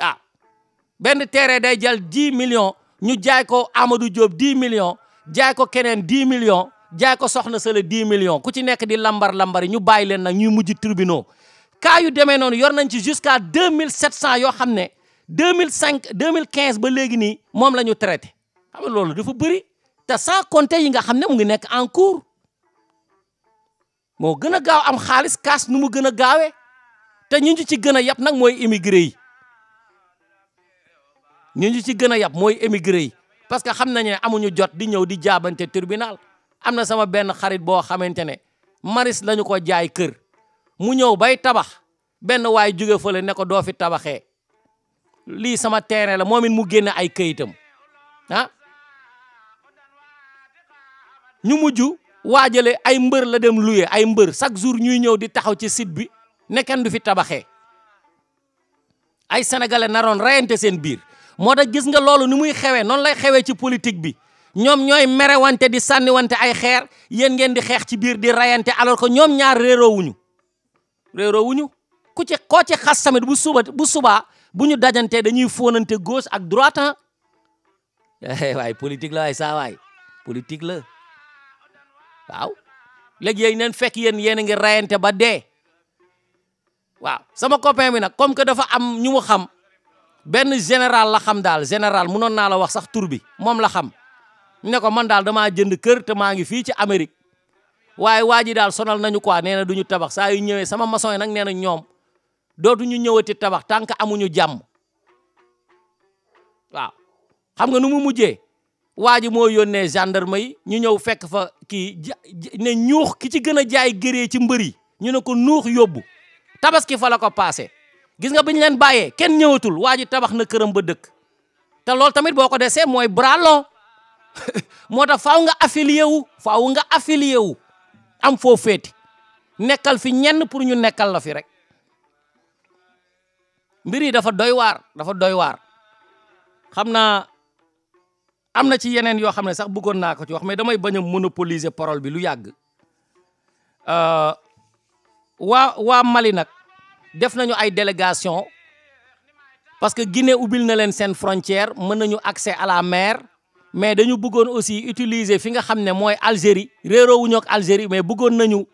ah benn terrain day jël dix million ñu jaay ko Amadou Diop dix millions jaay ko keneen dix millions jaay soxna sale dix million ku ci nekk di lambar lambari ñu bàyyi leen nag ñuy mujj tribunaux cas yu demee noonu yor nañ ci jusqu'à deux mille sept cent yoo xam ne deux mille cinq deux mille quinze ba léegi nii moom la ñu traité xam nga loolu dafa bëri te sans compter yi nga xam ne mu ngi nekk en cours moo gën a gaaw am xaalis kaas nu mu gën a gaawee te ñu ci gën a yab nag mooy immigré yi ñu ñu ci gën a yab mooy émigré parce que xam nañ ne amuñu jot di ñëw di jaabante tribunal am na sama benn xarit boo xamante ne maris lañu ko jaay kër mu ñëw bay tabax benn waay jóge fële ne ko doo fi tabaxee lii sama terrain la moom it mu génne ay këyitam ah ñu mujj waajale ay mbër la dem luye ay mbër chaque jour ñuy ñëw di taxaw ci sit bi ne kenn du fi tabaxee ay sénégalais naroon reyante seen biir moo ta gis nga loolu ni muy xewee noonu lay xewee ci politique bi ñoom ñooy mere wante di wante ay xeer yéen ngeen di xeex ci biir di rayante alors que ñoom ñaar réeroowuñu réeroowuñu ku ci ko ci xas tamit bu suba bu subaa bu ñu dajantee dañuy fóonante gauche ak droite eh, waay politik la waay saa waay politique la waaw léegi yéen neen fekk yéen yéen a ngi rayante ba dee waaw sama copain bi nag comme que dafa am ñu mu xam benn général la xam daal général munoon naa la wax sax tur bi moom la xam ne ko man daal damaa jënd kër te maa ngi fii ci Amérique waaye waa ji daal sonal nañu quoi nee na du ñu tabax saa yu ñëwee sama maçon yi nag nee na ñoom dootuñu ñëwati tabax tant que amuñu jàmm waaw. xam nga nu mu mujjee waa ji moo yónnee gendarma yi ñu ñëw fekk fa kii ne ñuux ki ci gën a jaay gëree ci mbër yi ñu ne ko nuux yóbbu tabaski fa la ko paase. gis nga bi ñu leen bàyyee kenn ñëwatul waa ji tabax na këram ba dëkk te loolu tamit boo ko desee mooy braloo moo tax faaw nga affilié wu faaw nga affilié wu am foo féeti nekkal fi ñenn pour ñu nekkal la fi rek mbir yi dafa doy waar dafa doy waar xam naa am na ci yeneen yoo xam ne sax bëggoon naa ko ci wax mais damay bañ a monopoliser parole bi lu yàgg euh, waa waa Mali nag def nañu ay délégation parce que Guinée ubbil na leen seen frontière mën nañu accès à la mer mais dañu buggoon aussi utiliser fi nga xam ne mooy Algérie réeroowuñu wuñook Algérie mais bëggoon nañu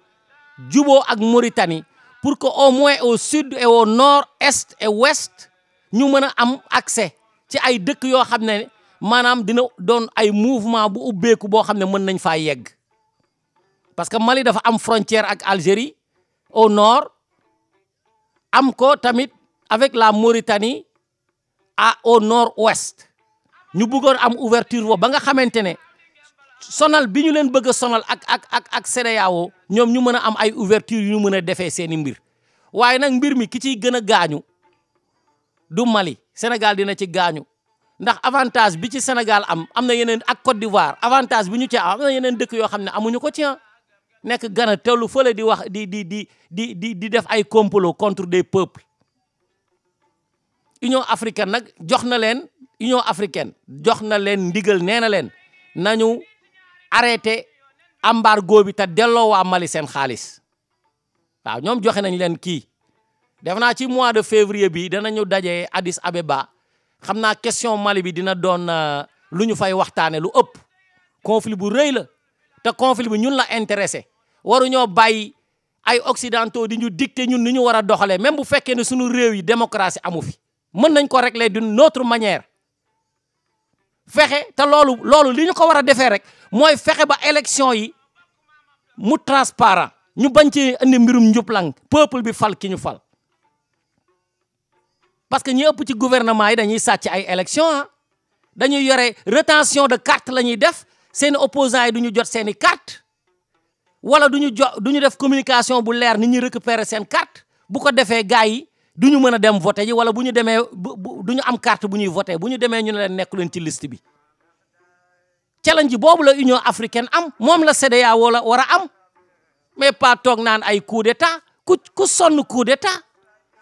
juboo ak Mauritanie pour que au moins au sud et au nord est et ouest ñu mën a am accès ci ay dëkk yoo xam ne maanaam dina doon ay mouvement bu ubbeeku boo xam ne mën nañ faa yegg parce que Mali dafa am frontière ak Algérie au nord avec la Mauritanie au nord-ouest Nous avons am ouverture ba nga xamantene sonal bi leen bëgg sonal ak ak ak ak e ñom ñu mëna am ay ouverture ñu mëna défé mbir Waye nak mbir mi ki ci gëna gañu du Sénégal dina ci avantage bi ci am ak Côte d'Ivoire avantage bi ñu ci am nekk gana tollu fële di wax di di di di di di def ay complot contre des peuples Union africaine nag jox na leen Union africaine jox na leen ndigal nee na leen nañu arrêté embargo bi ta delloo waa Mali seen xaalis waaw ñoom joxe nañ leen kii def naa ci mois de février bi danañu daje Addis Abeba xam naa question Mali bi dina doon euh, lu ñu fay waxtaane lu ëpp conflit bu rëy la te conflit bi ñun la intéressé waruñoo bàyyi ay occidentaux di ñu dicter ñun ni ñu war a doxalee même bu fekkee ne suñu réew yi démocratie amu fi mën nañ ko rek régler d'une autre manière fexe te loolu loolu li ñu ko war a defee rek mooy fexe ba élection yi mu transparent ñu bañ ci indi mbirum njublang peuple bi fal ki ñu fal parce que ñi ëpp ci gouvernement yi dañuy sàcc ay élection ah dañuy yore retention de carte la ñuy def seeni opposants yi du ñu jot seeni carte wala du jo du ñu def communication bu leer nit ñi récupérer seen carte bu ko defee gars yi du ñu mën a dem voté ji wala bu ñu demee du ñu am carte bu ñuy voté bu ñu demee ñu ne leen nekku leen ci liste bi challenge boobu la Union africaine am moom la CEDEAO wala war a am mais pas toog naan ay coup d'état ku ku sonn coup d'état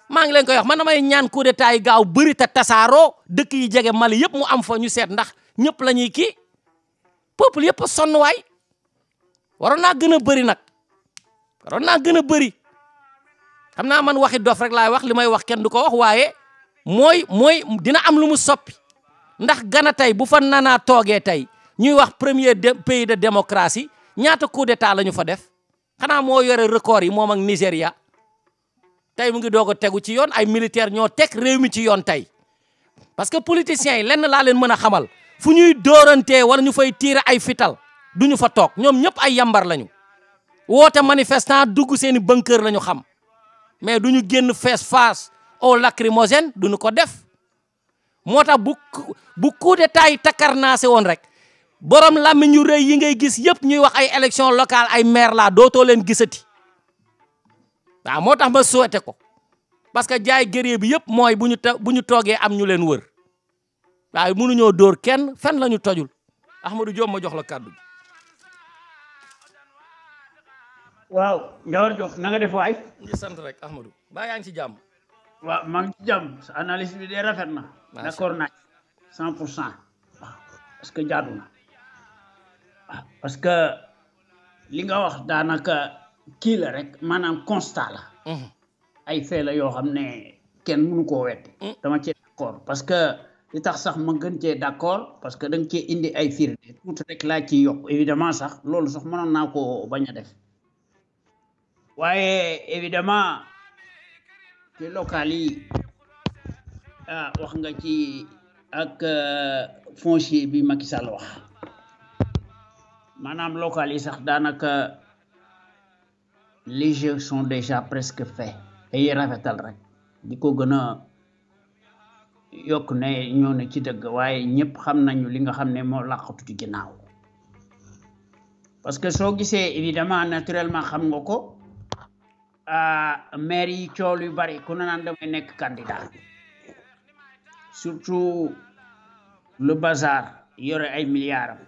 maa ngi leen koy wax man damay ñaan coup d'état yi gaaw bëri te tasaaroo dëkk yi jege mal yëpp mu am fa ñu seet ndax ñëpp la ñuy kii peuple yëpp a sonn waay waroon naa gën a bëri nag waroon naa gën a bëri xam naa man waxi dof rek laay wax li may wax kenn du ko wax waaye mooy mooy dina am lu mu soppi ndax gana tey bu fa nanaa toogee tey ñuy wax premier pays de démocratie ñaata coup d'état la ñu fa def xanaa moo yore record yi moom ak Nigéria tey mu ngi doog tegu ci yoon ay militaire ñoo teg réew mi ci yoon tey parce que politiciens yi lenn laa leen mën a xamal fu ñuy doorante wala ñu fay tiire ay fital du ñu fa toog ñoom ñëpp ay yambar lañu woote manifestant dugg seeni bunker lañu xam mais du ñu génn face face au lacrymogène du ñu ko def moo tax bu bu tay d'état yi takkarnaase woon rek borom làmmiñ yu rëy yi ngay gis yëpp ñuy wax ay élection locale ay maire laa dootoo leen gisati waaw moo tax ma souhaité ko parce que jaay gëree bi yëpp mooy bu ñu bu ñu toogee am ñu leen wër waaye ñoo door kenn fan lañu tojul Ahmadou Diop ma jox la kàddu gi waaw Ndiawar jox na nga def waay. ñu sant rek Ahmadou ba yaa ngi ci jàmm. waaw maa ngi ci jàmm sa analyse bi de rafet na. d'accord naaj 100 pour cent. waaw parce que jaadu na parce que li nga wax daanaka kii la rek maanaam constat la. Mhm. ay fee la yoo xam ne kenn munu koo wet mhm. dama ci d'accord parce que. li tax sax ma gën cee d'accord parce que da cee indi ay firnde tuuti rek laa ci yokk évidemment sax loolu sax mënoon naa ko bañ a def waaye évidemment ci local yi ah wax nga ci ak euh, foncier bi ma Sall wax maanaam local yi sax daanaka les jeux sont déjà presque faits ay rafetal rek di ko yokk na ñoo ne ci dëgg waaye ñëpp xam nañu li nga xam ne moo làqatu ci ginnaaw parce que soo gisee évidemment naturellement xam nga ko ah, maire yi cool yu bari ku ne naan nekk candidat surtout le bazar yore ay milliards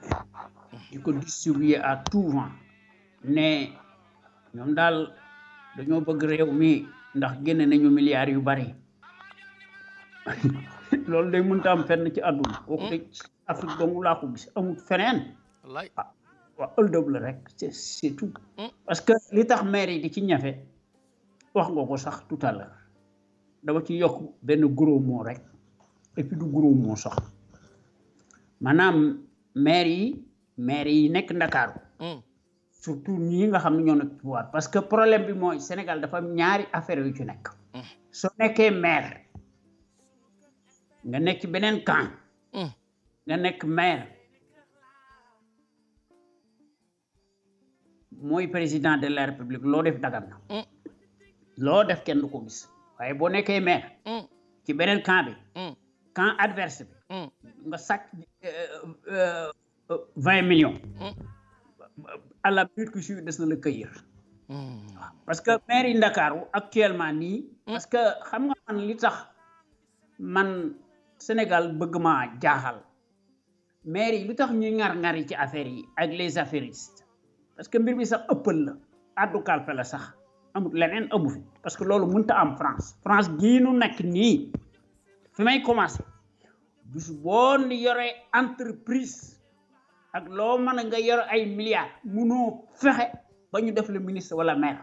di ko distribuer à tout vent ne ñoom daal dañoo bëgg réew mi ndax génne nañu milliards yu bari loolu day mënta am fenn ci àdduna wax dëgg hmm. Afrique dong laa ko gis amul feneen ah waa ëldëb la rek c'est c'est tout hmm. parce que li tax maire yi di ci ñafe wax nga ko sax tout à l'heure dama ci yokk benn gros mot rek et puis du gros mot sax maanaam maire yi maire yi nekk Ndakaaru hmm. surtout ñi nga xam ne ñoo nekk pouvoir parce que problème bi mooy Sénégal dafa am ñaari affaire yu ci nekk soo nekkee maire nga nekk beneen camp hmm. nga nekk maire mooy président de la république loo def dagan hmm. loo def kenn du ko gis waaye boo nekkee maire hmm. ci beneen camp bi camp adverse bi nga sàcc euh, euh, euh, vingt millions à la minute qui suit des na la cueillir parce que maire yi Ndakaaru actuellement nii parce que xam nga man li tax man Senegal bëgg ma jaaxal maire yi lu tax ñuy ngar ngar ci affaire yi ak les affairistes parce que mbir bi sax ëppal la addu kalpe la sax amut leneen amu fi parce que loolu mënta am france france gii nu nekk nii fi may commencé bis ni entreprise ak loo mën a nga yor ay milliards munoo fexe ba ñu def le ministre wala maire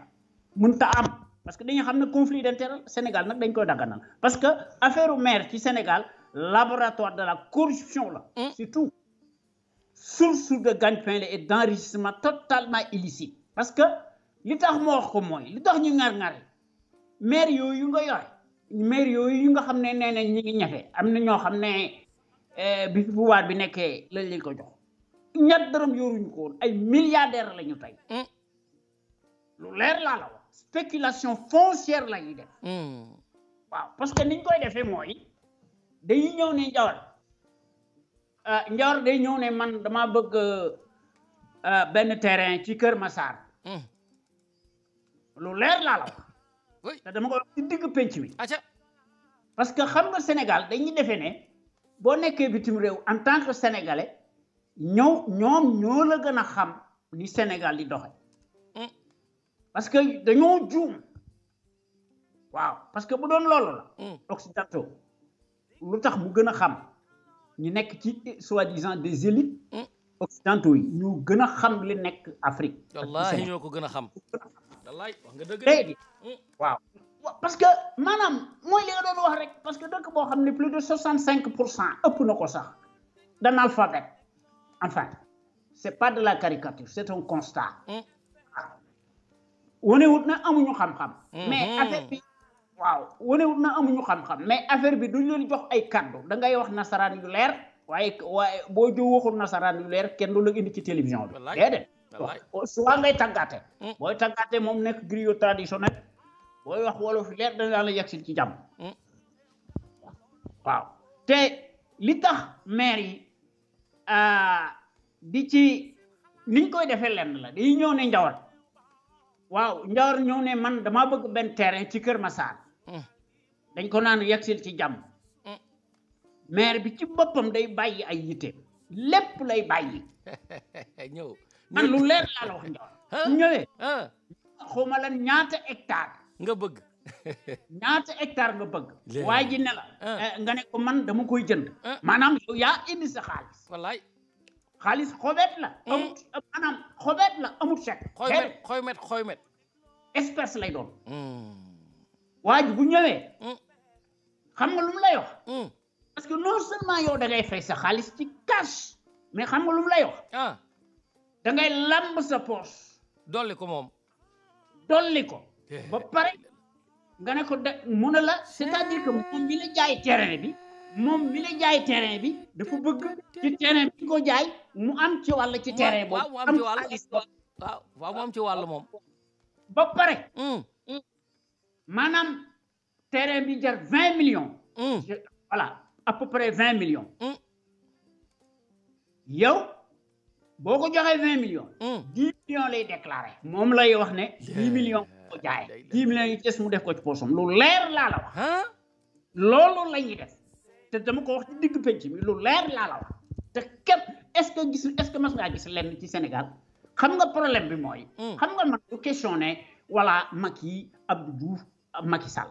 mënta am parce que dañu xam ne conflit d'intérêt sénégal nag dañ koy daganal parce que affaire maire ci sénégal laboratoire de la corruption là Mmh. c'est tout source de gagne-pain et d'enrichissement totalement illicite. parce que li tax ma wax ko mooy li tax ñu ŋar-ŋare maire yooyu nga yore maire yooyu yu nga xam ne nee nañ ñi ngi ñafe am na ñoo xam ne eh, bi fi pouvoir bi nekkee lañ ko jox ñett dërëm yoruñu ko ay milliardaire la ñu tey mm. lu leer laa la wax spéculation foncière la ñuy def mm. parce que niñ koy defee mooy dañuy ñëw ne Ndiawar ah Ndiawar ñëw ne man damaa bëgg ah, benn terrain ci Kër Massar. Hmm. lu leer laa la wax. te dama ko wax digg penc parce que xam nga Sénégal dañuy defee ne boo nekkee bitim réew en tant que sénégalais ñëw ñoom ñoo la gën a xam ni Sénégal di doxe hmm. parce que dañoo juum waaw parce que bu doon loolu la. Hmm. occidentaux. lu mu gëna xam ñu nekk ci soi-disant des élites hmm. occidentaux yi ñu gëna xam li nekk Afrique. wallahi ñoo ko xam. wallaahi wax nga dëgg léegi hmm. waaw parce que manam, moy li nga doon wax rek parce que dëkk boo xam ne plus de 65 pour cent ëpp na ko sax d'analphabète enfin c'est pas de la caricature c'est un constat. Hmm. wane wut na amuñu xam-xam. mais affaire bi waaw wonewut na amuñu xam-xam mais affaire bi duñ leen jox ay kaddu da ngay wax nasaraan yu leer waaye waaye boo jo waxul nasaraan yu leer kenn du la indi ci télévision bi déedéet soit ngay tàggaate hmm. booy tàggaate moom nekk griyo traditionnel booy wax wolof leer danaa la yegsil ci jàmm hmm. waaw te li tax maire yi euh, di ci niñ koy defee lenn la dañuy ñëw ne njawar waaw njawar ñëw ne man dama bëgg benn terrain ci kër saar dañ ko naan yegsil ci jàmm mm. maire bi ci boppam day bàyyi ay yite lépp lay bàyyi. ñëw man lu leer laa la wax Ndiol. ñëwee. xawma ñaata hectare. nga bëgg. ñaata hectare nga bëgg. waaye ji ne la. Eh, nga ne ko man dama koy jënd. maanaam yow yaa indi sa xaalis. wallaay. xaalis xobet la. Hmm? amut maanaam xobet la amut chèque. lay doon. Hmm. waa ji ñëwee. Hmm? xam nga lu mu lay mm. parce que non seulement yow da ngay fay sa xaalis ci cash mais xam nga lu mu lay wax. ah lamb sa poche. dolli ko moom. dolli ko. Eh. ba pare nga ne ko da mun a la c'est-à-dire que moom mi la jaay terrain bi. moom mi la jaay terrain bi dafa bëgg ci terrain bi ko jaay mu am ci wàll ci terrain boobu. waaw wàll waaw waaw mu am ci wàll moom. ba pare. Mm. maanaam. 20 jar 20 millions. Mm. voilà à peu près 20 millions. Mm. yow millions. 10 mm. millions lay wax 10 millions 10 millions mu def ko ci la wax. def dama ko wax ci digg mi te est-ce que gis est-ce que lenn ci Sénégal xam nga problème bi xam nga man question voilà Macky Abdou Diouf Macky Sall.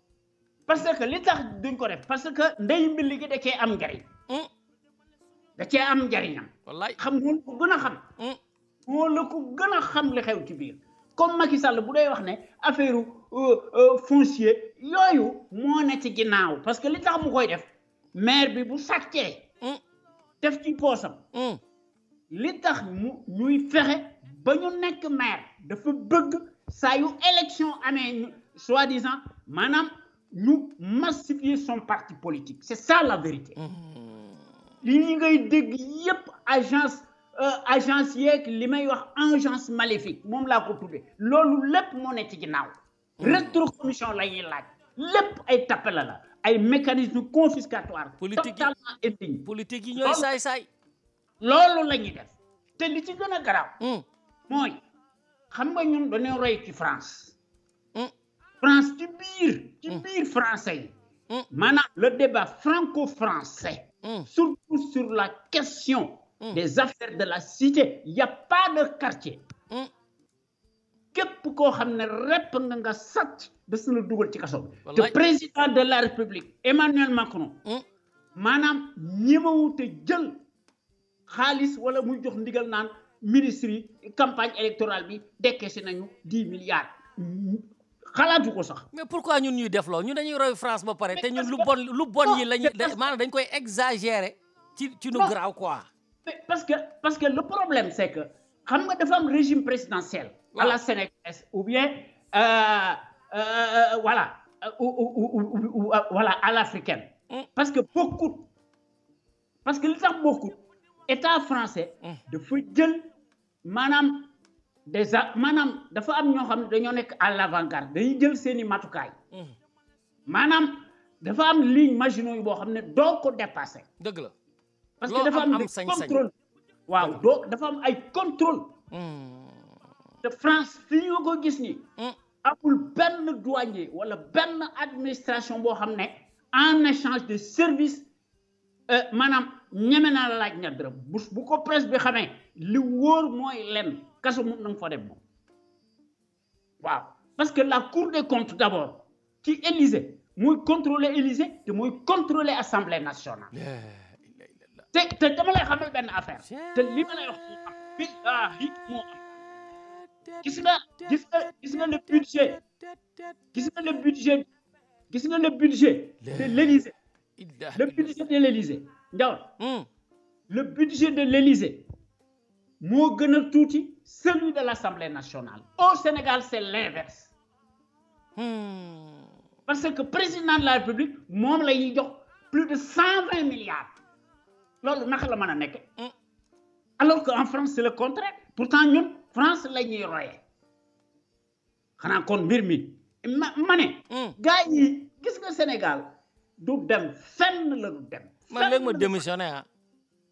parce que li tax duñ ko def parce que ndey mbilli gi da cee am njariñ hmm. da cee am jariñam wallahi xam nga ko gën xam hmm. mo ku ko gëna xam li xew ci biir comme Macky Sall bu doy wax ne affaire euh, euh, foncier yoyu mo ne ci ginaaw parce que li tax mu koy def maire bi bu sàccee hmm. def ci posam li tax mu ñuy fexé ba ñu nekk maire dafa bëgg sa yu élection amee soi-disant manam nous massifier son parti politique c'est ça la vérité mmh. li ngay agence euh, agence les meilleures agences wax agence maléfique mom mmh. la ko le lepp mo né ci la laaj lepp ay la ay mécanisme confiscatoire totalement politique yi ñoy say say loolu def té li ci gëna mmh. moy xam nga ñun roy ci France France du pire, du mm. pire français mm. Manam le débat franco-français mm. surtout sur la question des affaires de la cité Il y a pas de quartier Qu'est-ce xam ne rep à ça? Le des de la ci président de la république Emmanuel Macron maanaam ñemewute jël xaalis wala muy jox ndigal naan ministre campagne électorale bi dekkee si nañu dix milliards xalaatu ko sax. mais pourquoi ñun ñuy def loolu ñun dañuy roy France ba pare te ñun lu bon lu bon yi lañu maanaam dañ koy exagérer ci ci nu graw quoi. parce que parce que le problème c'est que xam nga dafa am régime présidentiel. à la sénégalaise ou bien euh, euh, voilà ou voilà à l'africaine. Mm. parce que beaucoup, parce que li tax beaucoup état français. Mm. fuy jël maanaam déjà manam dafa am ñoo xamne à l'avant-garde dañuy jël matukay hmm. manam dafa am ligne Maginot yu bo xamne do ko parce que dafa am contrôle waaw les dafa am ay contrôle hmm. France fi ñu ko gis ni hmm. amul ben douanier wala administration bo en échange de service euh, Madame, manam laaj bu ko presse bi kaso moom na n'en fa dem Waouh! waaw parce que la cour des comptes d'abord, qui ci Élysée mooy contrôler Élysée te mooy contrôler assemblée nationale. te te dama lay xamal ben affaire te li ma lay wax moo am billaahi moo gis nga gis nga gis nga le budget gis nga le budget gis nga le budget de l'Élysée hmm. le budget de l'Élysée ndaw le budget de l'Élysée moo a celui de l'Assemblée nationale au Sénégal c'est l'inverse hmm. parce que président de la République moom a plus de 120 milliards C'est naka la hmm. alors que en France c'est le contraire pourtant ñun France la ñuy royee On kon mbir mi ma ma ne hmm. yi gis nga Sénégal du dem fenn la du dem man léegi suis démissionné ah.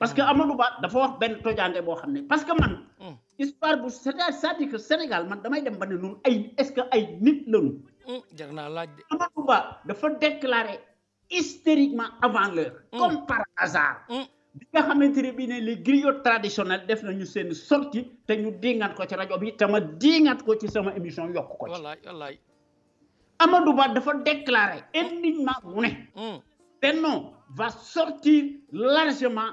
parce que ah. Amadou Ba dafa wax benn tojaande boo xam ne parce que man. Hmm. histoire bu c'est-à-dire Sénégal man damay dem ba ne noonu ay est-ce que ay nit lañu. Hmm, jar naa laaj de. Amadou Ba dafa déclaré hystériquement avant l'heure hmm. comme par hasard. bi nga xamante ne bii ne les griots traditionnels def nañu seen sortie te ñu dingat ko ci rajo bi te ma dingat ko ci sama émission yokk ko ci. wallaay wallaay. Amadou Ba dafa déclaré indignement mu ne. Benno va sortir largement.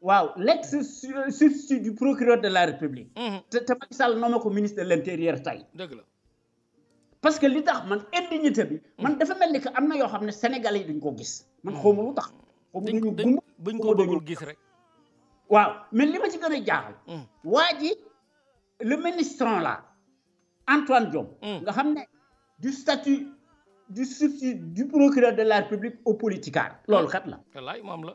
waaw l'ex substitut du procureur de la république. Mhm. te te Macky Sall nom ministre de l'intérieur tey. dëgg la parce que li tax man indignité bi. Mhm. man dafa mel que amna yo yoo sénégalais duñ ko gis. man mhm. xomul lu tax. xawma buñ ko doon gis rek. waaw mais li ma ci gëna a jaaxal. le ministre là Antoine Diom, nga xam du statut du substitut du procureur de la république au politicard. loolu kat la. wallaay moom la.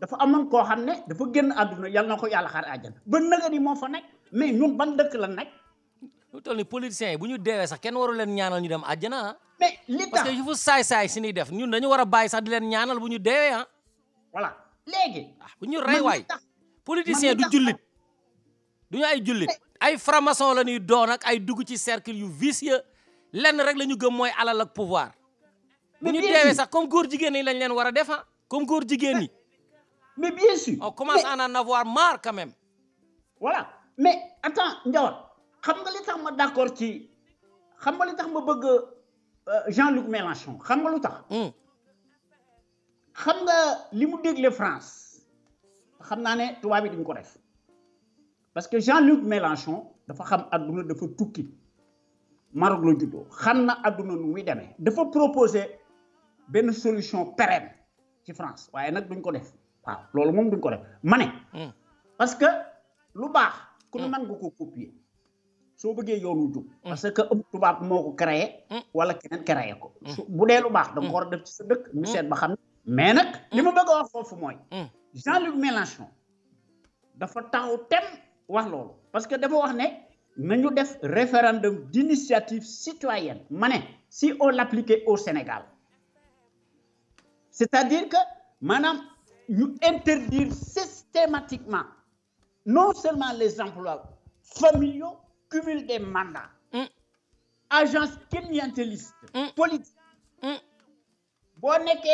dafa amoon koo xam ne dafa génn àdduna yal na ko yàlla xar àjjana ba naga ni moo fa nekk mais ñun ban dëkk la nekk. lu toll ni politiciens yi bu ñu deewee sax kenn waru leen ñaanal ñu dem àjjana ah. mais li tax si ñuy def ñun dañu war a bàyyi sax di leen ñaanal bu ñu deewee ah. voilà léegi. Ah, bu ñu rey waay politiciens du jullit du ñu ay jullit. ay franc-maçon la ñuy doon ak ay dugg ci cercle yu vicieux lenn rek la ñu gëm mooy alal ak pouvoir. bu ñu deewee sax comme góor jigéen ñi lañ leen war a def ah. comme góor jigéen ñi. Mais bien sûr. On commence à en avoir marre quand même. Voilà. Mais attends, Ndiawar, quand nga li d'accord ci quand nga euh, Jean-Luc Mélenchon Je nga lu tax. lui, hmm. nga je suis d'accord France quand je tu d'accord avec lui, parce que Jean-Luc Mélenchon dafa xam tout tukki Maroc xam na proposer une solution pérenne ci France waaw loolu moom duñ ko def ma ne. Hmm. parce que lu baax. ku ne hmm. mën nga ko copier. soo bëggee yoonu jub. Hmm. parce que ëpp tubaab moo ko créé. wala keneen créé ko. bu dee lu baax da nga war a def ci sa dëkk. ñu seet ba xam ne mais nag li ma bëgg a wax foofu mooy. Jean-Luc Mélenchon dafa taw tem wax loolu parce que dafa wax ne nañu def référendum d'initiative citoyenne ma ne si on l'appliquait au Sénégal c'est-à-dire que maanaam nous interdire systématiquement non seulement les emplois familiaux, cumul des mandats, agences mm. agence politiques bon mm. politique.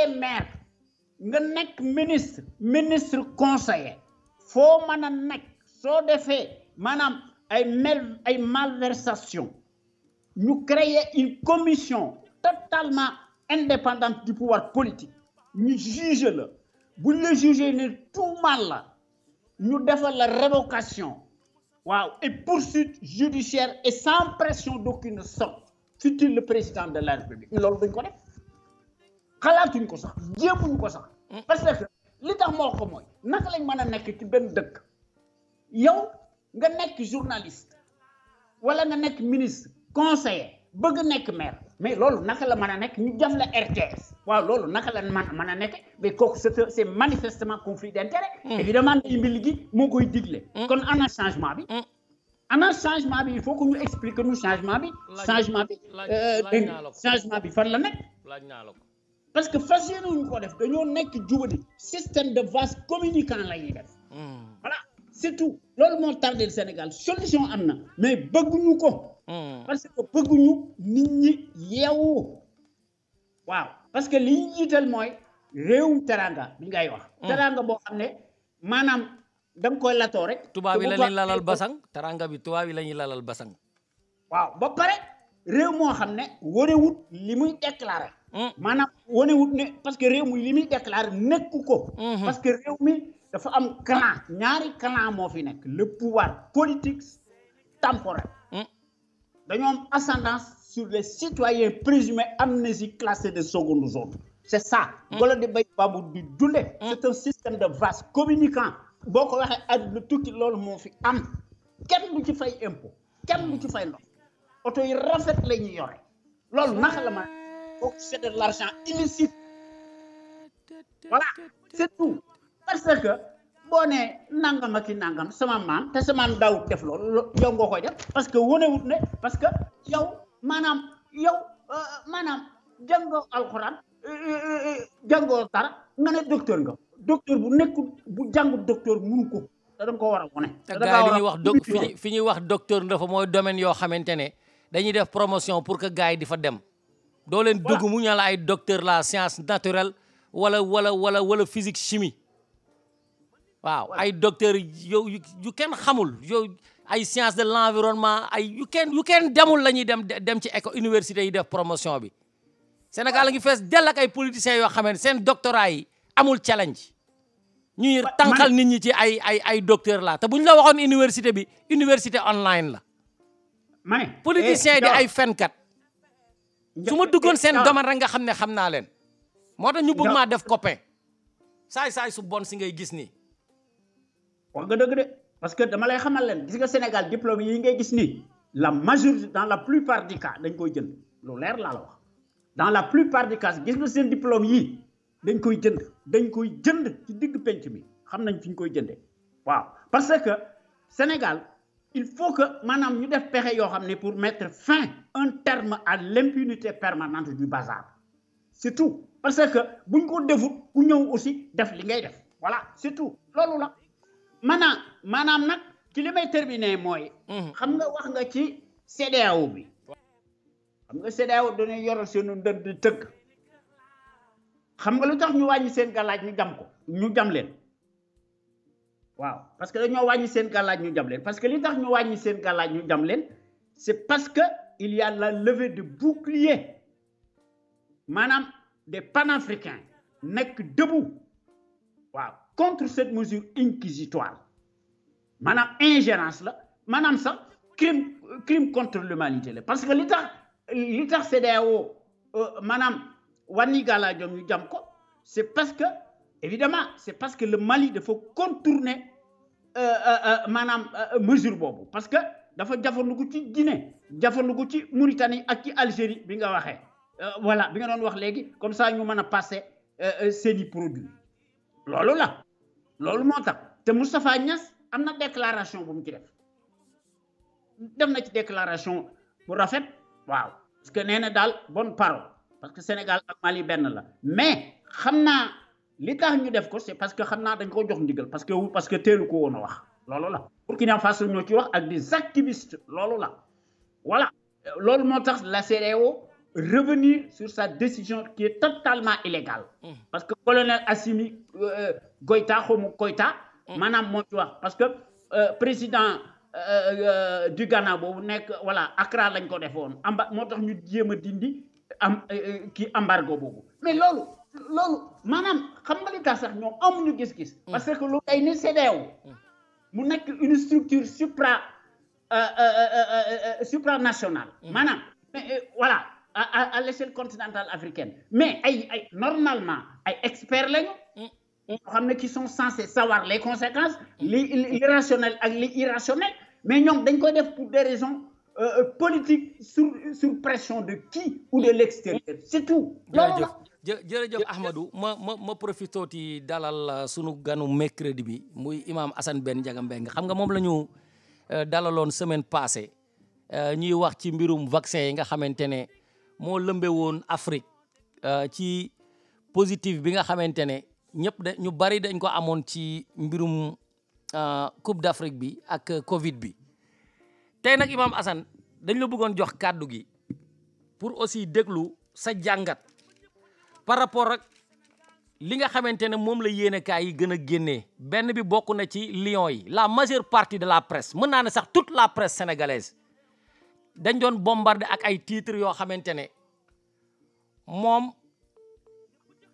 Mm. maire nga nekk ministre ministre conseiller foo mën a so soo defee ay mel ay malversation nous créons une commission totalement indépendante du pouvoir politique nous juge le buñ la jugé tout mal, la ñu defal la révocation waaw et poursuite judiciaire et sans pression d'aucune sorte fut-il le président de la république loolu duñ ko def xalaatuñ ko sax jéemuñ ko sax mm. parce que li tax moo ko mooy naka lañ mën a nekk ci benn dëkk yow nga journaliste wala nga nekk ministre conseiller bëgg nekk maire mais loolu naka la mën a nekk ñu def la RTS waaw loolu naka la mën mën a nekk mais kooku c'est c'est manifestement conflit d'intérêt mm. évidemment imbil gi moo koy digle mm. kon ana changement bi mm. ana changement bi il faut que ñu expliquer nu changement bi changement bi euh, changement bi fan la nekk laaj naa la ko parce que fas yéene wuñu ko def dañoo nekk jubadi système de vase communicant la ñuy def voilà c'est tout loolu moo tardé le Sénégal solution am na mais bëgguñu ko Mm. parce que bëgguñu nit ñi yeewu waaw parce que li ñu mooy réewum teranga bi ngay wax mm. teranga boo xam ne maanaam da nga koy latoo rek tubaab yi la ñuy lalal basang teranga bi tubaab yi la ñuy lalal basang waaw ba pare réew moo xam ne wanewut li muy déclaré mm. maanaam wanewut ne parce que réew mi li muy déclaré nekku ko mm-hmm. parce que réew mi dafa am clan ñaari clan moo fi nekk le pouvoir politique temporel dañoo am ascendance sur les citoyens présumés amnésiques classés de seconde zone c'est ça wala mm. mm. c'est un système de vase communicant boo ko waxee tout tukki loolu moo fi am kenn du ci fay impôt kenn du ci fay ndox oto yi rafet la ñuy yore loolu naka la ma kooku c'est de l'argent illicite voilà c'est tout parce que boo nee nangam ak i nangam sama maan te sama maam daawut def loolu yow nga koy def parce que wonewut ne parce que yow maanaam yow euh, maanaam jàngoo alxuraan euh, euh, jàngoo dara nga ne docteur nga docteur bu nekkul bu jàngut docteur mënu ko te da koo war a wone te da li wax doc fi ñuy wax docteur dafa mooy domaine yoo xamante ne dañuy def promotion pour que gars yi di fa dem doo leen dugg mu ay docteur la science naturelle wala wala wala wala physique chimie waaw ay docteur yow yu kenn xamul yow ay science de l'environnement ay yu kenn yu kenn demul la ñuy dem dem ci école université yi def promotion bi Sénégal la ngi fees dell ay politiciens yoo xamee seen doctorat yi amul challenge ñuy tànqal nit ñi ci ay ay ay docteur la te bu ñu la waxoon université bi université online la man politiciens yi eh, di ay fenkat su ma duggoon eh, seen domaine rek nga xam ne xam naa leen moo tax ñu bëgg maa def copain saay saay su bon si ngay gis nii wax nga dëgg de parce que dama lay xamal leen gis nga Sénégal diplôme yi ngay gis ni la majorité dans la plupart des cas dañ koy jënd lu leer laa la wax dans la plupart des cas gis nga seen diplôme yi dañ koy jënd dañ koy jënd ci digg penc mi xam nañ fiñ koy jëndee waaw parce que Sénégal il faut que maanaam ñu def pexe yoo xam ne pour mettre fin un terme à l'impunité permanente du bazar c'est tout parce que buñ ko defut ku ñëw aussi def li ngay def voilà c'est tout loolu la maanaam manam nak ci limay terminer moy hmm. xam nga wax nga ci CEDEAO bi. xam nga do ne yoral di xam nga ñu wañi seen ñu jam ko ñu jam waaw parce que nous wañi seen ñu jam parce que li tax ñu wañi seen gàllaaj ñu jam c'est parce que il y a la levée de bouclier manam des panafricains nek debout waaw contre cette mesure inquisitoire madame, ingérence là madame, ça, crime crime contre l'humanité Mali. parce que l'État, l'État c'est tax euh, manam Wani Gala jam ko c'est parce que évidemment c'est parce que le Mali il faut contourner euh, euh, madame, mesure Bobo. parce que dafa ko ci Guinée ko ci Mauritanie ak ci Algérie bi nga waxee voilà bi nga don wax Voilà, comme ça ñu avons passé euh, ces produits loolu la loolu moo tax te Moustapha Niass am na déclaration bu mu ci def def na ci déclaration bu rafet waaw parce que nee na daal bonne parole parce que Sénégal ak Mali benn la mais xam naa li tax ñu def ko c'est parce que xam naa dañ ko jox ndigal parce que parce que teelu ko woon a wax loolu la Burkina Faso ñoo ci wax ak des activistes loolu la voilà loolu moo tax la CEDEAO revenir sur sa décision qui est totalement illégale. Mm. Parce que colonel Assimi euh, Goïta, Homo Goïta, mm. maanaam moo wax parce que euh, président euh, euh, du Ghana boobu voilà Accra lañ ko defoon amba moo tax ñu jéem dindi am embargo boobu mais loolu loolu maanaam xam nga li tax sax qu'est-ce gis-gis. Mm. parce que loolu day ne CEDEAO mu nekk une structure supra supranationale. maanaam voilà à à l'échelle continentale africaine mais ay normalement les experts mm. qui sont censés savoir les conséquences. les l'irrationnel et les irrationnels mais ñoom dañ koy pour des raisons euh, euh, politiques sur sur pression de qui ou de l'extérieur mm. c'est tout. je profite de jërëjëf Ahmadou ma ma ma profité ci dalal euh, sunu ganu mercredi bi muy imam Assane Ben Ndiaga xam nga la euh, semaine passée ñuy wax ci mbirum vaccin yi nga xamantene mo lembe won Afrique euh, ci positif bi nga xamantene ñep de ñu bari dañ ko amone ci mbirum euh, Coupe d'Afrique bi ak Covid bi tay nak Imam Asan, dañ la bëggon jox pur gi pour aussi déglu sa jangat par rapport ak li nga xamantene ne moom yene kay yi gëna a bi bokku na ci lion yi la majeure partie de la presse mëna na sax toute la presse sénégalaise dañ doon bombardé ak ay titres yoo xamante ne moom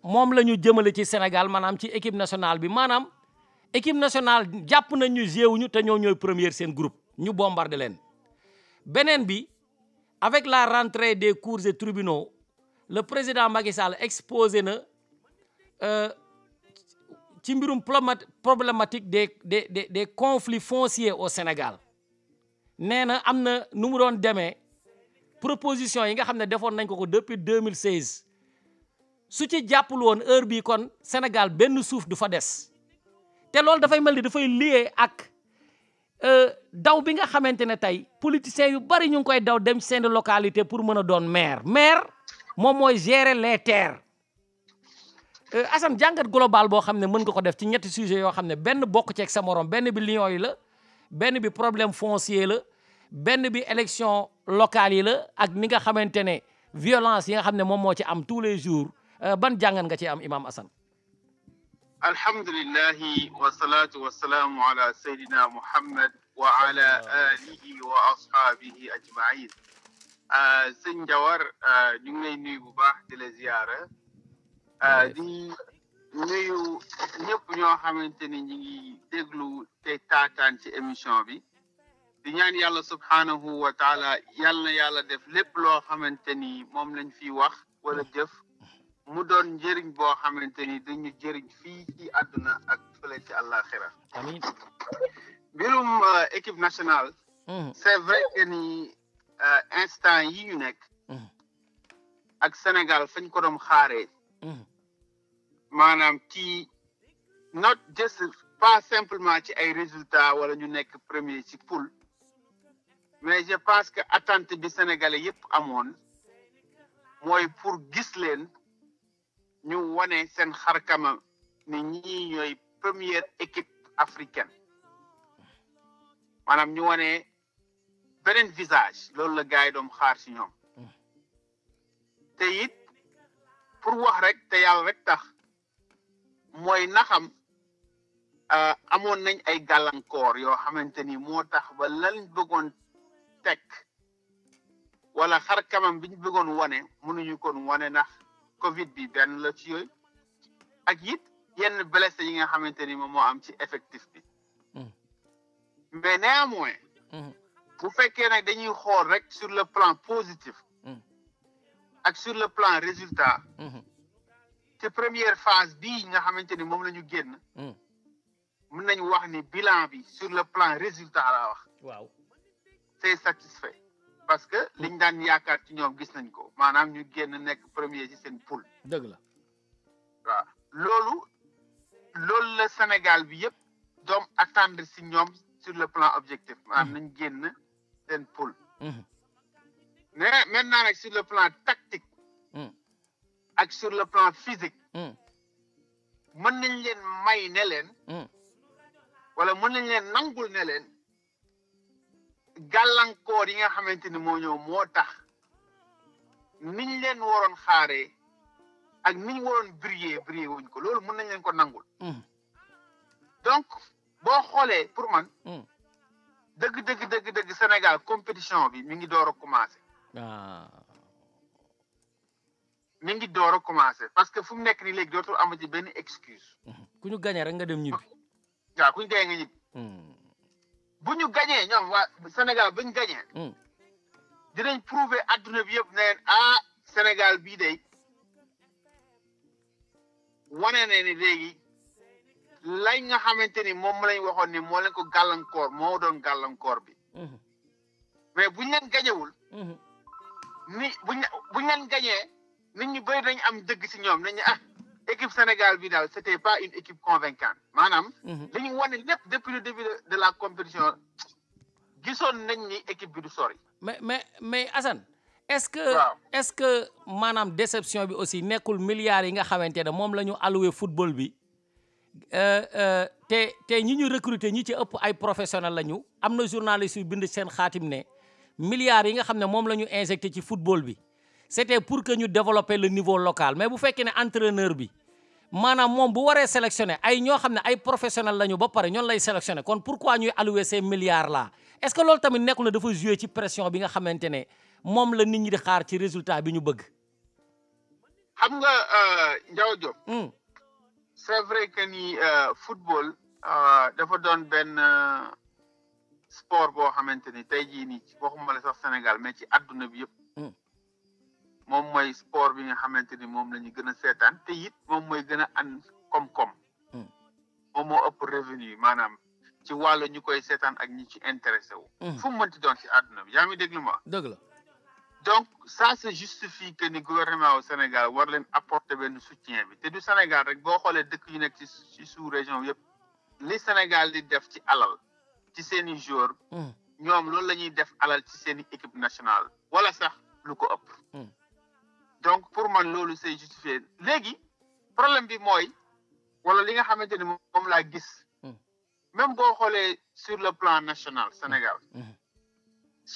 moom la ñu jëmale ci Sénégal maanaam ci équipe nationale bi maanaam équipe nationale jàpp nañ ñu géewuñu te ñoo ñooy première seen groupe ñu bombardé leen beneen bi avec la rentrée des cours et tribunaux le président Macky Sall exposé na euh, ci mbirum problématique des des des conflits fonciers au Sénégal nee na am na nu mu doon demee proposition yi nga xam ne defoon nañ ko ko depuis 2016 su ci jàppul woon heure bii kon Sénégal benn suuf du fa des te loolu dafay mel ni dafay lié ak euh, daw bi nga xamante ne tey politiciens yu bari ñu ngi koy daw dem seen localité pour mën a doon maire maire moom mooy gérer les terres euh, Assane jàngat global boo xam ne mën nga ko def ci ñetti sujet yoo xam ne benn bokk ceeg sa morom benn bi Lions yi la benn bi problème foncier la benn bi élection locale yi la ak ni nga xamante ne violence yi nga xam ne moom moo ci am tous les jours euh, ban jàngan nga ci am imam wa alhamdulillahi wa wasalaamu ala sayidina muhammad wa ala alihi wa ashabihi ajmain euh, sëñ Jawar euh, ñu ngi lay nuyu bu baax di la ziyaara di nuyu ñëpp ñoo xamante ni ñi ngi déglu tey taataan ci émission bi di ñaan yàlla subhaanahu wa taala yàlla na yàlla def lépp loo xamante ni moom lañ fi wax wala jëf mu doon njëriñ boo xamante ni dañu jëriñ fii ci àdduna ak fële ci àllaaxira amiin euh, équipe nationale hmm. c'est vrai euh, instant yi ñu nekk hmm. ak Sénégal fañ ko doon xaaree hmm. manam ci not just pas simplement ci ay résultats wala ñu nekk premier ci pool mais je pense que attente bi sénégalais yépp amoon mooy pour gis leen ñu wane seen xarkama ni ñii ñooy première équipe africaine manam ñu wane beneen visage loolu la gars yi doom xaar si ñoom mm. te it pour wax rek te yàlla rek tax mooy naxam euh, amoon nañ ay gàllankoor yoo xamante ni moo tax ba lan bëggoon teg wala xar kanam bi ñu bëggoon wane mënuñu kon wane nax Covid bi benn la ci yooyu ak it yenn blessé yi nga xamante ni moom moo am ci effectif bi ne hmm. néanmoins hmm. bu fekkee nag dañuy xool rek sur le plan positif hmm. ak sur le plan résultat te première phase bii nga xamante ni la ñu génn. Hmm. mën wax bilan sur le plan résultat wax. waaw c'est satisfait parce que hmm. liñ daan yaakaar ci ñoom gis nañ ko ñu premier ci seen poule. dëgg la Sénégal bi yépp attendre sur le plan objectif maanaam hmm. nañ génn seen poule. maintenant sur le plan tactique. ak sur le plan physique hmm. mën nañ leen may ne leen hmm. wala mën nañ leen nangul ne leen gàllankoor yi nga xamante ni moo ñëw moo tax niñ leen waroon xaaree ak niñ waroon briller briller wuñ ko loolu mën nañ leen ko nangul hmm. donc boo xoolee pour man dëgg dëgg dëgg Sénégal compétition bi mi ngi door a commencé ah. mi ngi door a commencé parce que fu mu nekk nii léegi dootul amati benn excuse. ku ñu gañee rek nga dem ñibbi. waaw ku ñu gañee nga ñibbi. Hmm. bu ñu gañee ñoom waa Sénégal bu ñu gañee. Hmm. dinañ prouver adduna bi yëpp ne a ah Sénégal bii day wane ne ni léegi lañ nga xamante ni moom lañ waxoon ni moo ko gàllankoor moo doon gàllankoor bi. Hmm. mais buñ gañewul. ni buñ buñ gañee. nit ñu bëri am deug ci ñom nañu ah équipe Sénégal bi dal c'était pas une équipe convaincante manam li wone wane lépp depuis le début de la compétition gisoon nañ ni équipe bi du sori mais mais mais Assane est-ce que est-ce que manam déception bi aussi nekul milliards yi nga xamante mom lañu la alloué football bi té euh, euh, té ñi ñu recruter ñi ci ëpp ay professionnel lañu amna am na journaliste yu bind seen xaatim ne milliards yi nga xamné mom lañu injecter ci football bi c'était pour que ñu développer le niveau local mais bu fekkee ne bi maanaam moom bu waree sélectionné ay ñoo xam ne ay professionnels lañu ba pare ñoom lay sélectionné kon pourquoi ñuy allouer ces milliards là est-ce que loolu tamit nekkul ne dafa jouer ci pression bi nga xamante ne moom la nit ñi di xaar ci résultat bi ñu bëgg. xam nga euh, njaw Diop. Hmm. c'est que ni euh, football euh, dafa doon benn sport boo xamante ni tey jii nii waxuma la sax Sénégal mais ci adduna bi yëpp. moom mooy sport bi nga xamante ni moom la ñu gën a seetaan te it moom mooy gën a an koom-koom. Hmm. moom moo ëpp revenu maanaam ci wàllu ñu koy seetaan ak ñi ci intéressé wu. Hmm. fu mu mënti doon ci àdduna bi yaa ngi déglu ma. dëgg la donc ça se justifie que ni gouvernement au Sénégal war leen apporter benn soutien bi te du Sénégal rek boo xoolee dëkk yu nekk ci ci sous région yëpp ni Sénégal di def ci alal ci seen i joueurs. Hmm. ñoom loolu la ñuy def alal ci seen i équipe nationale wala sax lu ko ëpp. donc pour man loolu c'est justifié léegi problème bi mooy wala li nga xamante ni moom laa gis hmm. même boo xoolee sur le plan national hmm. Sénégal hmm.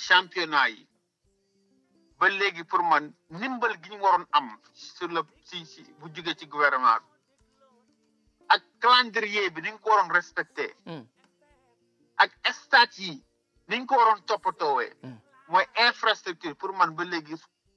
championnat yi ba léegi pour man ndimbal gi ñu waroon am sur le ci ci bu jugee ci gouvernement bi ak calendrier bi ni ñu ko waroon respecté ak stats yi ni ñu ko waroon mooy infrastructure pour man ba léegi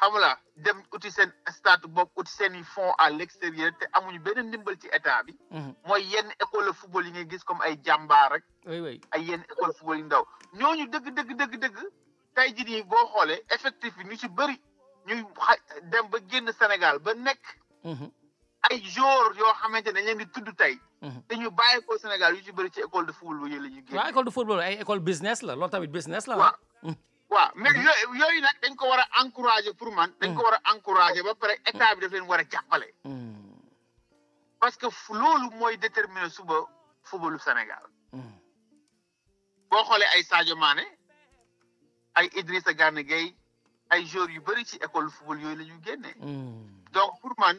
xam nga dem uti seen stade bopp uti seen i fonds à l'extérieur te amuñu benn ndimbal ci état bi. Mhm. mooy yenn école football yi ngay gis comme ay jàmbaar rek. ay yenn école football yu ndaw ñooñu dëgg dëgg dëgg dëgg tey jii nii boo xoolee effectif bi ñu ci bëri ñuy dem ba génn Sénégal ba nekk. Mhm. ay jour yoo xamante ne dañ leen tudd tey. dañu mhm. bàyyi ko Sénégal yu ci bëri ci école de football yooyu la génn. waaw école de football ay école business la loolu tamit business la ah. waaw. waaw mais mhm. yooyu yooyu dañ ko war a encourager pour man. dañ ko mhm. war a encourager ba pare mhm. état bi daf leen war a jàppale. parce que loolu mooy déterminer suba footballu Sénégal. boo xoolee ay Sadio maane ay Idrissa Gana Gueye ay joueurs yu bëri ci école football yooyu la ñu génnee. donc pour man.